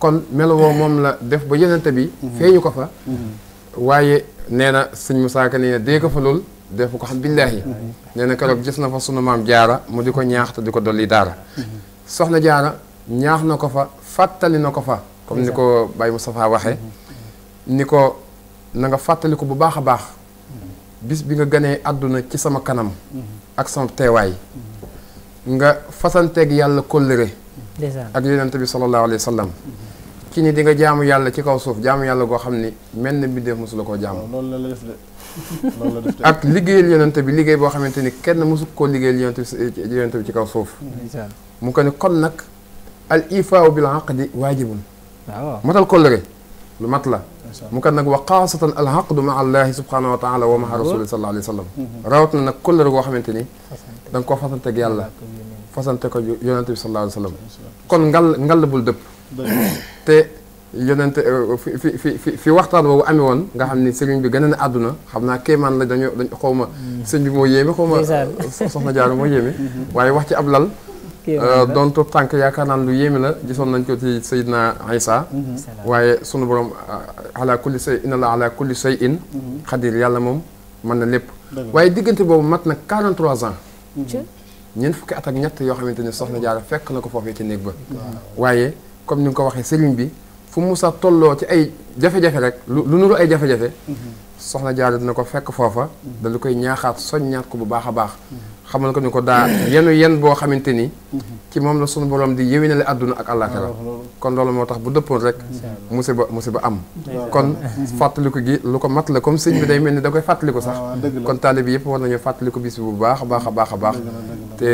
kon melowoo moom la def ba yenente bi feeñu ko fa waaye nee na sëñ Musaa Ka nee na dee ko fa lool def ko xam billaahi nee na keroog gis na fa sunu maam jaara mu di ko ñaax te di ko dolli daara soxna jaara ñaax na ko fa fàttali na ko fa comme ni ko mu safaa waxee ni ko na nga fàttali ko bu baax a baax bis bi nga gënee àdduna ci sama kanam ak sama teewaay nga fasanteeg yàlla kóllëre ak yonent bi sallallahu alayhi wa sallam ci ni di nga jaamu yàlla ci kow suuf jaamu yàlla goo xam ni mel na mbindeef mosu la koo jaamu ak liggéeyal yonent bi liggéey boo xamante ni kenn mosu koo liggéeyal yonent bi ci kaw suuf mu ko kon nag الايفاء بالعقد واجب آه. متى الكل المطلع ممكن نقول قاصة العقد مع الله سبحانه وتعالى ومع أيوه. رسوله صلى الله عليه وسلم رأيتنا أن كل رواح من تني دنكو فصل تجي الله فصل تكو يونتي صلى الله عليه وسلم كون نقل نقل بولدب ت يونت آه، في في في في في وقت هذا هو أمي وان قاعد من سرير بيجنا نعدنا خبنا كم عن لدنيو دنيو خوما سنجمو يمي خوما صفنا جارو يمي وعي وقت أبلل Euh, donto tànk yaakaar naan lu yéeme la gisoon nañ ko ci Seydina Isa mhm. waaye sunu borom euh, ala kulli say inna la ala kulli say in xadir mhm. yàlla moom mën na lépp waaye diggante boobu mat na 43 ans mhm. ñeent fukki at ak ñett yoo xamante ne soxna Jaara fekk na ko foofee ci néeg ba waaye comme ni nga ko waxee sëriñ bi fu mu sax tolloo ci ay jafe-jafe rek lu lu nuru ay jafe-jafe soxna Jaara dina ko fekk foofa dalu koy ñaaxaat soññaat ko bu baax a baax xamal ko ni ko daa yenu yen bo xamanteni ci mom la sunu borom di yewina yéwénale aduna ak àllaaxira kon lolu motax bu dëppoon rek musiba musiba am kon fàttaliku gi lu ko mat comme seigne bi day melni ni da koy fàttaliku sax kon talib bi yëpp war nañu fàttaliku bis bu baax a baax a baax baax te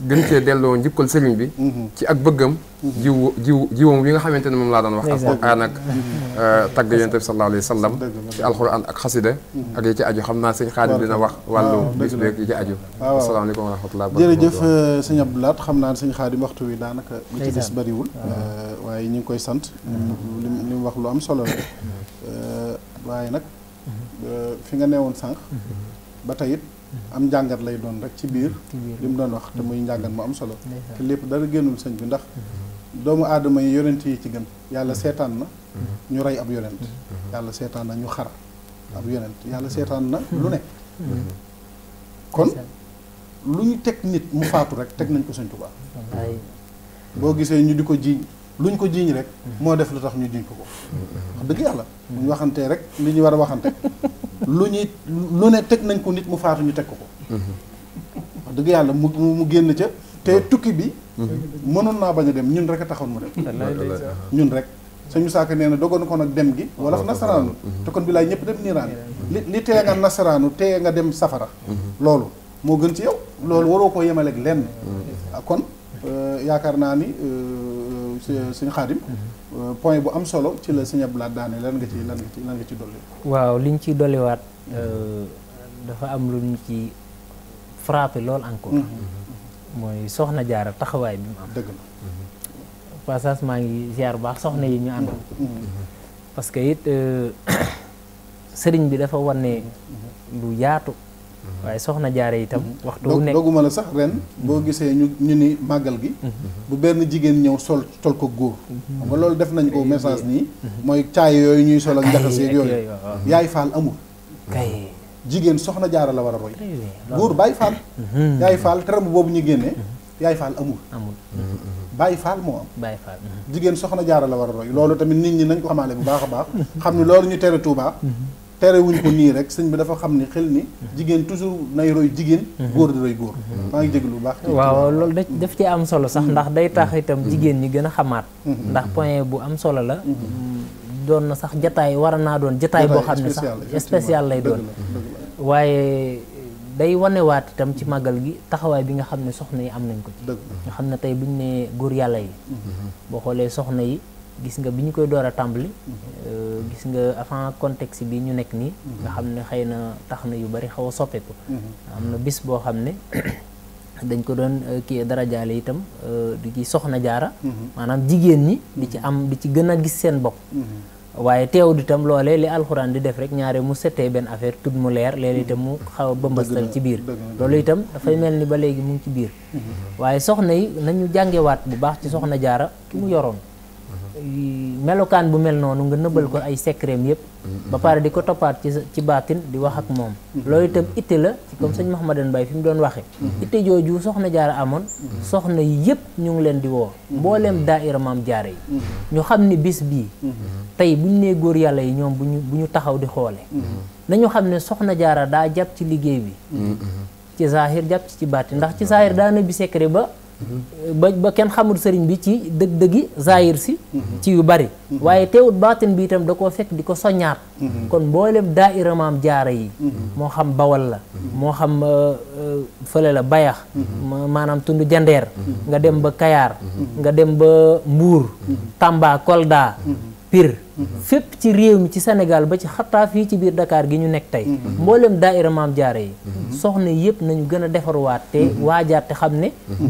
gën cee delloo njukkal sëriñ bi mhm. ci ak bëggam mhm. jiw jiw jiwam wi nga xamante ne moom laa doon wax alquran ak mhm. euh, tagg yonent bi sallallahu alayhi wa sallam ci alquran ak xasida ak yi ci aju xam naa sëñ Xaadim dina wax wàllu ah, bis beeg yi ci aju ah, asalaamaaleykum wa rahmatullah jërëjëf euh, sëñ Abdoulaat xam naa sëñ Xaadim waxtu wi daanaka li ci des bariwul ah. euh, waaye ñu ngi koy sant li mu wax lu am solo la waaye nag fi nga neewoon sànq ba tey am njàngat lay doon rek ci biir li mu doon wax te muy njàngat mu am solo te lépp dara génnul sëñ bi ndax doomu aadama yi yonent yi ci gën yàlla seetaan na ñu rey ab yonent yàlla seetaan na ñu xar ab yonent yàlla seetaan na lu nekk kon lu ñu teg nit mu faatu rek teg nañ ko sëñ Tuubaa boo gisee ñu di ko jiiñ lu ñu ko jiiñ rek mm-hmm. moo def lu tax ñu jiiñ ko ko mm-hmm. wax dëgg yàlla mm-hmm. bu waxantee rek li ñu war a waxante lu ñuy lu ne teg nañ ko nit mu faatu ñu teg ko ko. wax dëgg yàlla mu mu génn ca. te tukki bi. Mhm. mënoon naa bañ a dem ñun rek a taxoon mu dem. ñun rek. sañu saaka nee na dogoon ko nag dem gi. Mhm. wala nasaraanu. Mhm. te kon bi laay ñëpp dem niiraan. li li tee nga nasaraanu tee nga dem safara. loolu moo gën ci yow. loolu waroo ko yemaleek lenn. Ah, kon euh, yaakaar naa ni euh, euh, suñu xaadim. Euh, point bu am solo ci la sëñ Abdoulaye daane lan nga ci lan nga ci lan nga ci dolli. waaw liñ ci dolliwaat mm-hmm. euh, dafa am lu ñu ci frappé lool encore. Mm-hmm. Mm-hmm. mooy soxna jaara taxawaay bi mu am. dëgg la passage maa ngi ziar baax soxna yi ñu que it euh, sëriñ bi dafa wane lu yaatu. waaye soxna jaare itam. Mhm. waxtu wu nekk dooguma la sax ren boo gisee ñu ñu ni màggal gi. Mhm. bu benn jigéen ñëw sol sol ko góor. Mhm. xam loolu def nañ ko message mooy caay ñuy sol ak njaxase yooyu. yaay faal amul. jigéen soxna jaara la war a roy. góor bàyyi faal. yaay boobu ñu génnee. yaay faal amul. amul bàyyi faal moo am. bàyyi faal jigéen soxna jaara la war a roy loolu tamit nit ñi nañ ko xamaale bu baax a baax. ne loolu ñu tere Touba. terewuñ ko nii rek sëñ bi dafa xam ne xel ni jigéen toujours nay roy jigéen mhm. góor di roy góor mhm. maa ngi jéglu lu baax waaw loolu da daf ci am solo sax mhm. ndax day tax itam jigéen ñi gën a xamaat ndax point bu am solo la doon na sax jataay war naa doon jataay boo xam ne sax spécial lay doon waaye day wanewaat itam ci màggal gi taxawaay bi nga xam ne soxna yi am nañ ko ci nga xam ne tey buñ nee góor yàlla yi boo xoolee soxna yi gis nga bi koy doora tambali euh gis nga avant contexte bi ñu nekk ni nga xamne ne taxna yu bari xaw a soppeeku am bis bo xamne dañ ko doon euh, ki dara jale itam euh, di ci soxna jaara manam jigen ni di ci am di ci gëna gis seen bopp waye teew di lolé li alcorane di def rek ñaare mu sété ben affaire tout mu leer léeg itam mu xaw a bëmbastal ci biir lolé itam da fay ni ba légui mu ngi ci biir mm-hmm. waye soxna yi nañu wat bu baax ci soxna jaara ki mu yoron melokaan bu mel noonu nga nëbbal ko ay secret yëpp. ba pare di ko toppaat ci ci baatin di wax ak moom. loo itam itte la ci comme sëñ Mouhamadou Mbaye fi mu doon waxee. itte jooju soxna jaara amoon. soxna yëpp ñu ngi leen di woo. mbooleem daaira maam jaar yi. ñu xam ni bis bii. tey buñ nee góor yàlla yi ñoom bu ñu bu ñu taxaw di xoole nañu xam ne soxna jaara daa jàpp ci liggéey bi. Mm-hmm. ci zahir jàpp ci ci baatin ndax ci zahir daa bi secret ba. ba ba kenn xamul sëriñ bi ci dëgg-dëggi zaahir si ci yu bari waaye teewut baatin bi itam da koo fekk di ko soññaat kon mboolem daaira maam jaara yi moo xam bawal la moo xam euh, euh, fële la bayax maanaam tund jandeer nga dem ba kayaar nga dem ba mbuur tamba kolda pire mhm. fep ci réew mi ci senegal ba ci xata fi ci bir Dakar gi ñu nek tay mhm. mhm. mbollem daaira maam jaare soxna yëpp nañu gëna a defarwaat te waajaat te xam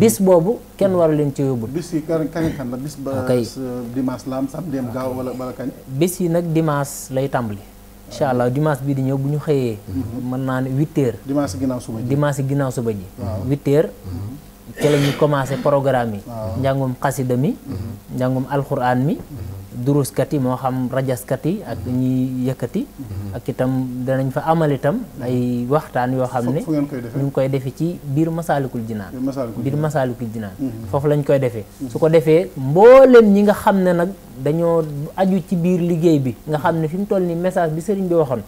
bis bobu kenn waru leen ci yobul bis yi kan, kan kan la bis ba ah, dimanche lam sam dem gaaw wala wala kan bis yi nak dimanche lay tambali inshallah allah dimanche bii di ñew bu ñu xëyee mën naan 8h heures dimanche ginnaaw suba ji dimanche ginaaw suba ji 8h ci la ñu commencé programme yi ñangum qasida mi ñangum alxuraan mi duruskat yi moo xam rajaskat yi ak ñi yëkkati mhm. ak itam danañ fa amal itam ay waxtaan yoo xam ne ñu ngi koy defee ci biir masaalikul jinaan biir masaalikul jinaan mhm. foofu lañ koy defee mhm. su ko defee mbooleem ñi nga xam ne nag dañoo aju ci biir liggéey bi nga xam ne fi mu toll ni message bi sëriñ bi waxoon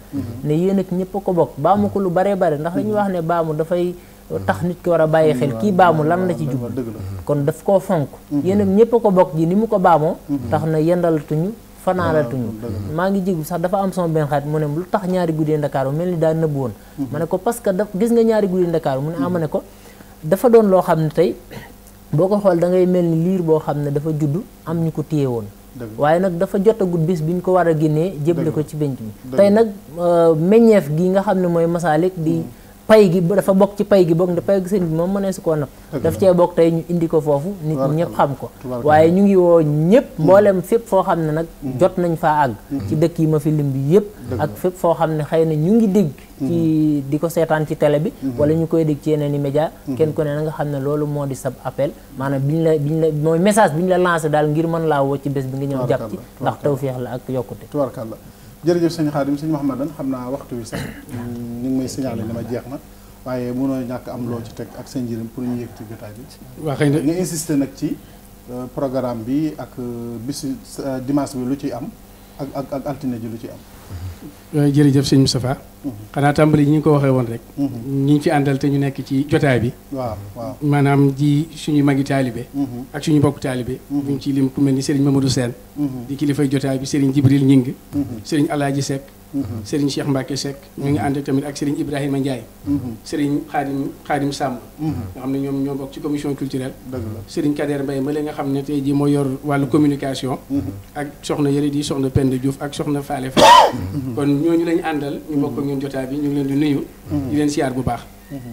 ne yéen ak ñëpp ko bokk baamu ko lu baree bare ndax dañuy wax ne baamu dafay tax nit ki war a bàyyi xel kii baamu lan la ci jublu kon daf koo fonk mhm. yéen ak ñëpp a ko bokk ji ni mu ko baamoo mhm. tax na yendalatuñu fanaalatuñu maa ngi jégu sax dafa am sama benn xarit mu ne lu tax ñaari guddi ndakaaru mel ni daa nëbb woon mhm. ma ne ko parce que daf gis nga ñaari guddi ndakaaru mu ne ama ah, ne ko dafa doon loo xam ne tey boo ko xool da ngay mel ni liir boo xam ne dafa judd am ñu ko téye woon waaye nag dafa jotagut biis bi ñu ko war a génnee jéble ko ci benc bi tey nag euh, meñeef gi nga xam ne mooy masaalik di pay gi dafa bokk ci pay gi bokk na pay gi sëriñ bi moom mënee su koo napp daf cee bokk tey ñu indi ko foofu nit ñi ñëpp xam ko waaye ñu ngi woo ñëpp hmm. mboolem fépp foo xam ne nag hmm. jot nañ faa àgg hmm. ci dëkk yi ma fi lim bi yëpp ak fépp foo xam ne xëy na ñu ngi dégg ci di ko seetaan ci télé bi wala ñu koy dégg ci yeneen i média kenn ku ne na nga xam ne loolu moo di sab appel maanaam bi ñu la bi ñu la mooy message bi ñu la lancé daal ngir mën laa woo ci bés bi nga ñëw jàpp ci ndax tawféex la ak yokkute jërëjëf sëñ Xaadim sëñ Mouhamadan xam naa waxtu wi sax ni ngi may signalé dama jeex na waaye mënoo ñàkk am loo ci teg ak seen njëriñ pour ñu yëkkati jotaay bi. waa xëy na nga insister nag ci euh, programme bi ak euh, bisu euh, dimanche bi lu ciy am ak ak altine ji lu ci am. Euh, jërëjëf sëñ Moustapha mhm. xanaa tàmbali ñi ñu ko waxee woon rek mhm. ñi ñu fi àndal te ñu nekk ci jotaay bi waaw waaw maanaam di suñu magi taalibe mhm. ak suñu mbokk taalibe buñ ci lim ku mel ni sëriñ Mamadou Sène di kilifay jotaay bi sëriñ Jibril Ñing sëriñ Alaaji Seck sëriñ Cheikh Mbacke Seck ñu ngi ànd tamit ak sëriñ Ibrahima Ndiaye sëriñ Xaadim Xaadim Samb nga xam ne ñoom ñoo bokk ci commission culturelle sëriñ Kader Mbaye ma nga xam ne tey ji moo yor wàllu communication ak soxna Yëri di soxna Penda ak soxna Faale kon ñooñu lañu àndal ñu bokk ñun jotaay bi ñu ngi leen di nuyu. di leen siyaar bu baax.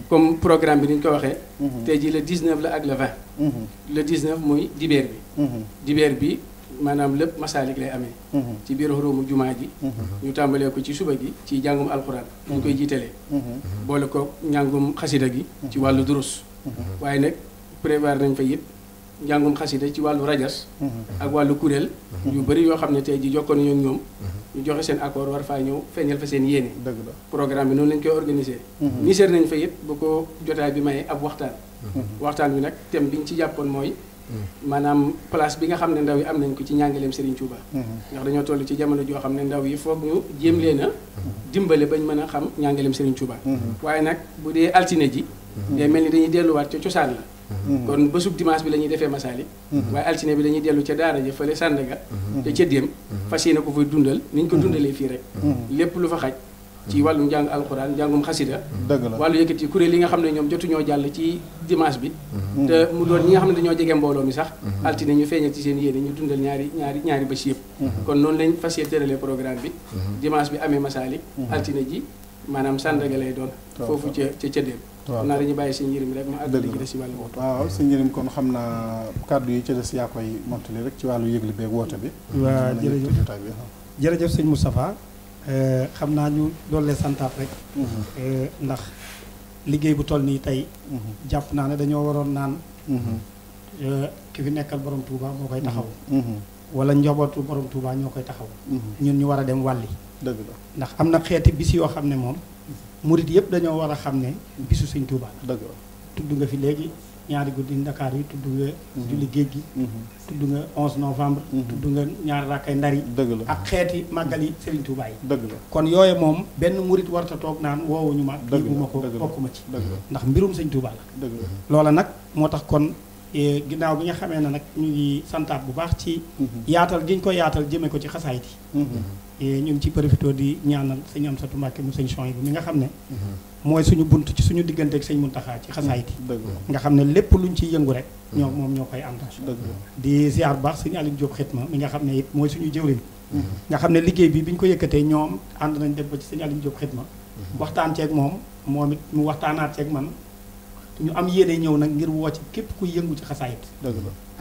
comme programme bi ni ñu ko waxee. tey jii le 19 la ak le 20. le 19 mooy dibeer bi. dibeer bi maanaam lépp masaalik lay amee. ci biir xoromu jumaa ji. ñu tàmbalee ko ci suba gi ci jàngum alxuraan. ñu koy jiitalee. boole ko njàngum xasida gi. ci wàllu durus. waaye nag prévoir nañ fa yëpp njàngum xasida ci wàllu rajas ak wàllu kuréel yu bari yoo xam ne tey ji jokkoon nañu ñoom ñu joxe seen accord war faa ñëw feeñal fa seen yéene programme bi noonu lañ koy organisé mhm. ni seer nañ fa it bu ko jotaay bi mayee ab waxtaan mhm. waxtaan bi nag thème bi ñu ci jàppoon mooy mhm. maanaam place bi nga xam ne ndaw yi am nañ ko ci ñàngaleem Serigne Touba ndax dañoo toll ci jamono joo xam ne ndaw yi foog ñu jéem leen dimbale bañ mën a xam njàngaleem Serigne Touba waaye nag bu dee altine ji day mel ni dañuy delluwaat ca cosaan la Mm-hmm. kon bésub dimanche bi la ñuy defee Masalik mm-hmm. waaye altine bi lañuy dellu ca daara ja fële Sandaga mm-hmm. te ca déem fas yéene ko fay dundal ni ñu ko dundalee fii rek lépp lu fa xaj ci wàllu njàng alxuraan njàngum xasida wàllu yëkkati kuréel yi nga xam ne ñoom jotuñoo jàll ci dimanche bi te mu doon ñi nga xam ne dañoo jege mbooloo mi sax altine ñu feeñal ci seen yéene ñu dundal ñaari ñaari ñaari bés yëpp kon noonu lañ fas yéene tëralee programme bi dimanche bi amee Masalik altine ji maanaam Sandaga lay doon foofu ca ca ca déem waaw naa dañu bàyyi si njëriñ rek ma àggali ci des si wàllu woote waaw kon xam naa kàddu yi ci des yaa koy montali rek ci wàllu yëgle beeg woote bi waaw jërëjëf jërëjëf sëñ Moustapha euh, xam naa ñu doole santaat rek mhm. euh, ndax liggéey bu toll nii tey mhm. jàpp naa ne dañoo waroon naan mhm. euh, ki fi nekkal borom Touba moo koy taxaw wala njobootu borom Touba ñoo koy taxaw ñun ñu war a dem wàlli dëgg ndax am na xeeti bis yoo xam ne moom murit yëpp dañoo war a xam ne bisu sëñ Tuuba la tudd nga fi léegi ñaari guddi Ndakaar yi tudd nga mhm. julli géej gi mhm. tudd nga 11 novembre mhm. tudd nga ñaari rakkay ndar yi dëgg la ak xeeti màggal yi Sëriñ Tuuba yi dëgg kon yooye moom benn murit warta toog naan woowuñu ma yëguma ko bokkuma ci ndax mbirum Sëñ Tuuba la dëgg la loola nag moo tax kon e, ginnaaw bi ñu xamee ne nag ñu ngi santaat bu baax ci yaatal gi ñu ko yaatal jëmee ko ci xasaayit ti Eh, ñu ngi ci profité di ñaanal sëñ Amsatu Mbàkke mu sëñ bi mi nga xam ne mhm. mooy suñu bunt ci suñu diggante ak mun Muntaxa ci xasaayit nga xam ne lépp luñ ciy yëngu rek mhm. ñoo moom ñoo koy ànd di ziar baax sëñ Aliou Diop xitma mi nga xam ne it mooy suñu jëwriñ mhm. nga xam ne liggéey bi bi ñu ko yëkkatee ñoom ànd nañ dem ba ci sëñ Aliou Diop xitma waxtaan ceeg moom moom it mu waxtaanaat ceeg man ñu am yéene ñëw nag ngir woo ci képp kuy yëngu ci xasaayit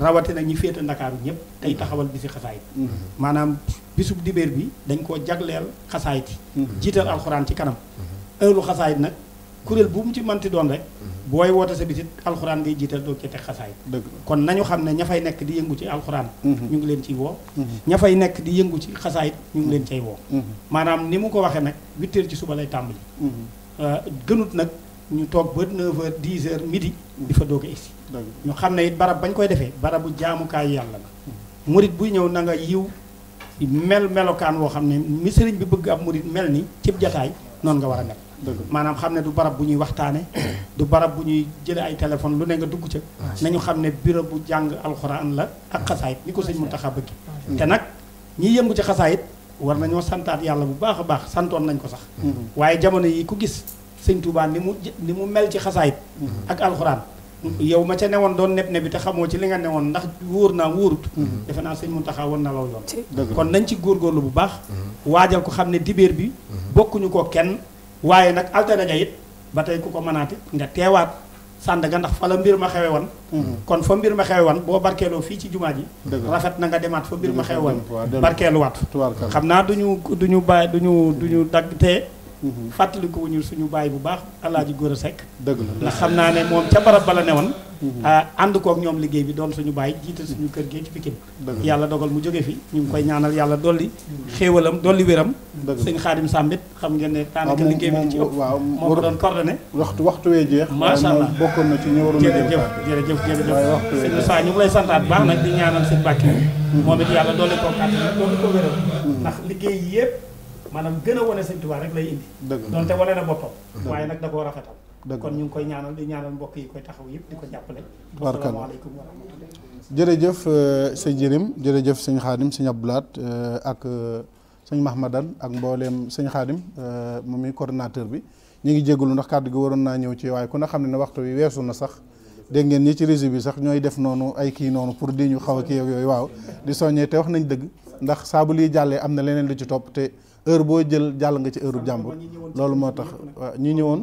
rawatina ñi féete ndakaaru ñëpp tey taxawal bisi xasaayit mm-hmm. maanaam bisub dibéer bi dañ koo jagleel xasaayit yi mm-hmm. jiital alxuraan ci kanam mm-hmm. heure xasaayit nag kuréel bu mu ci manti doon rek booy woote sa bisit alxuraan ngay jiital doo ci teg xasaayit kon nañu xam ne ña fay nekk di yëngu ci alxuraan ñu ngi leen ciy woo ña fay nekk di yëngu ci xasaayit ñu ngi leen woo maanaam ni mu ko waxee nag huit ci suba lay tàmbali euh, gënut nag ñu toog ba neuf heures midi di fa doog a ñu xam ne it barab bañ koy defee barabu jaamukaay yàlla la murit buy ñëw na nga yiw mel melokaan woo xam ne mi bi bëgg ab murit mel ni cib jataay noon nga war a mel maanaam xam ne du barab bu ñuy waxtaane du barab bu ñuy jële ay téléphone lu ne nga dugg ca nañu xam ne bureau bu jàng alxuraan la ak xasaayit ni ko sëñ Muntaxa bëgg te nag ñi yëngu ci xasaayit war nañoo santaat yàlla bu baax a baax santoon nañ ko sax waaye jamono yi ku gis sëñ Tuubaa mu ni mu mel ci xasaayit ak alxuraan yow ma ca don doon neb nebi te xamoo ci li nga newon ndax wóor naa wóorut mhm. defe naa sëñ Muntaxa na law yoon kon nañ ci góorgóorlu bu baax mhm. waajal ko xam ne dibéer bi mhm. bokkuñu ko kenn waaye nag alterne it ba tey ku ko mënaati nga teewaat sànd ga ndax fa la mbir ma xewe won kon fa mbir ma xewe won boo barkeeloo fii ci juma ji rafet na nga demaat fa mbir ma xewe won barkeeluwaat xam naa duñu duñu bàyyi duñu duñu dagg tee fàttaliku wu ñu suñu baay bu baax alaaji góor a sekk dëgg la ndax xam naa ne moom ca barab bala ne woon mhm. ah, ànd kook ñoom liggéey bi doon suñu baay jiite suñu kër gee ci Pikine yàlla dogal mu jóge fi ñu ngi koy ñaanal yàlla dolli xéewalam dolli wéram sëñ xaadim sàmbit xam ngeen ne daanaka liggéey bi ci ëpp waaw moo ko doon coordonné waxtu waxtu wee jeex macha allah bokkoon na ci ñu waroon jërëjëf jërëjëf jërëjëf sëñ ñu ngi lay santaat baax nag di ñaanal sëñ Bakki mhm. moom it yàlla dolli ko kàttan dolli ko wéram mhm. ndax liggéey yépp maanaam gën a wane sëñ Tuubaa rek lay indi donte wane na boppam waaye nag da koo rafetal kon ñu ngi koy ñaanal di ñaanal mbokk yi koy taxaw yëpp di ko jàppale asalaamaaleykum wa rahmatullah euh, jërëjëf sëñ Yërim jërëjëf sëñ euh, euh, sëñ Abdoulaat ak sëñ ak mbooleem sëñ Xaadim moom mi coordinateur bi ñu ngi jégalu ndax kàddu gi waroon naa ñëw ci waaye ku ne xam ne ne waxtu bi weesu na sax dégg ngeen ñi ci réseau bi sax ñooy def noonu ay kii noonu pour di ñu xaw a kii yooyu waaw di soññee te wax nañ dëgg ndax saa bu lii jàllee am na leneen lu ci topp te heure boo jël jàll nga ci heure bu jàmbur loolu moo tax waaw ñi ñëwoon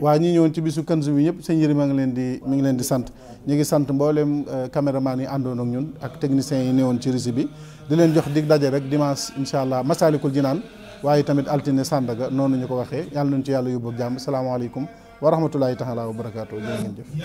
waa ñi ñëwoon ci bisu kanzu bi ñëpp sa Yëri maa ngi leen di mi ngi leen di sant ñu ngi sant mbooleem euh, caméraman yi àndoon ak ñun ak techniciens yi newoon ci régie bi di leen jox dig daje rek dimanche incha allah Masaalikul naan waaye tamit altine Sandaga noonu ñu ko waxee yàlla nañu ci yàlla yóbbu ak jàmm salaamaaleykum wa rahmatulahi taala wa barakaatu jërë ngeen jëf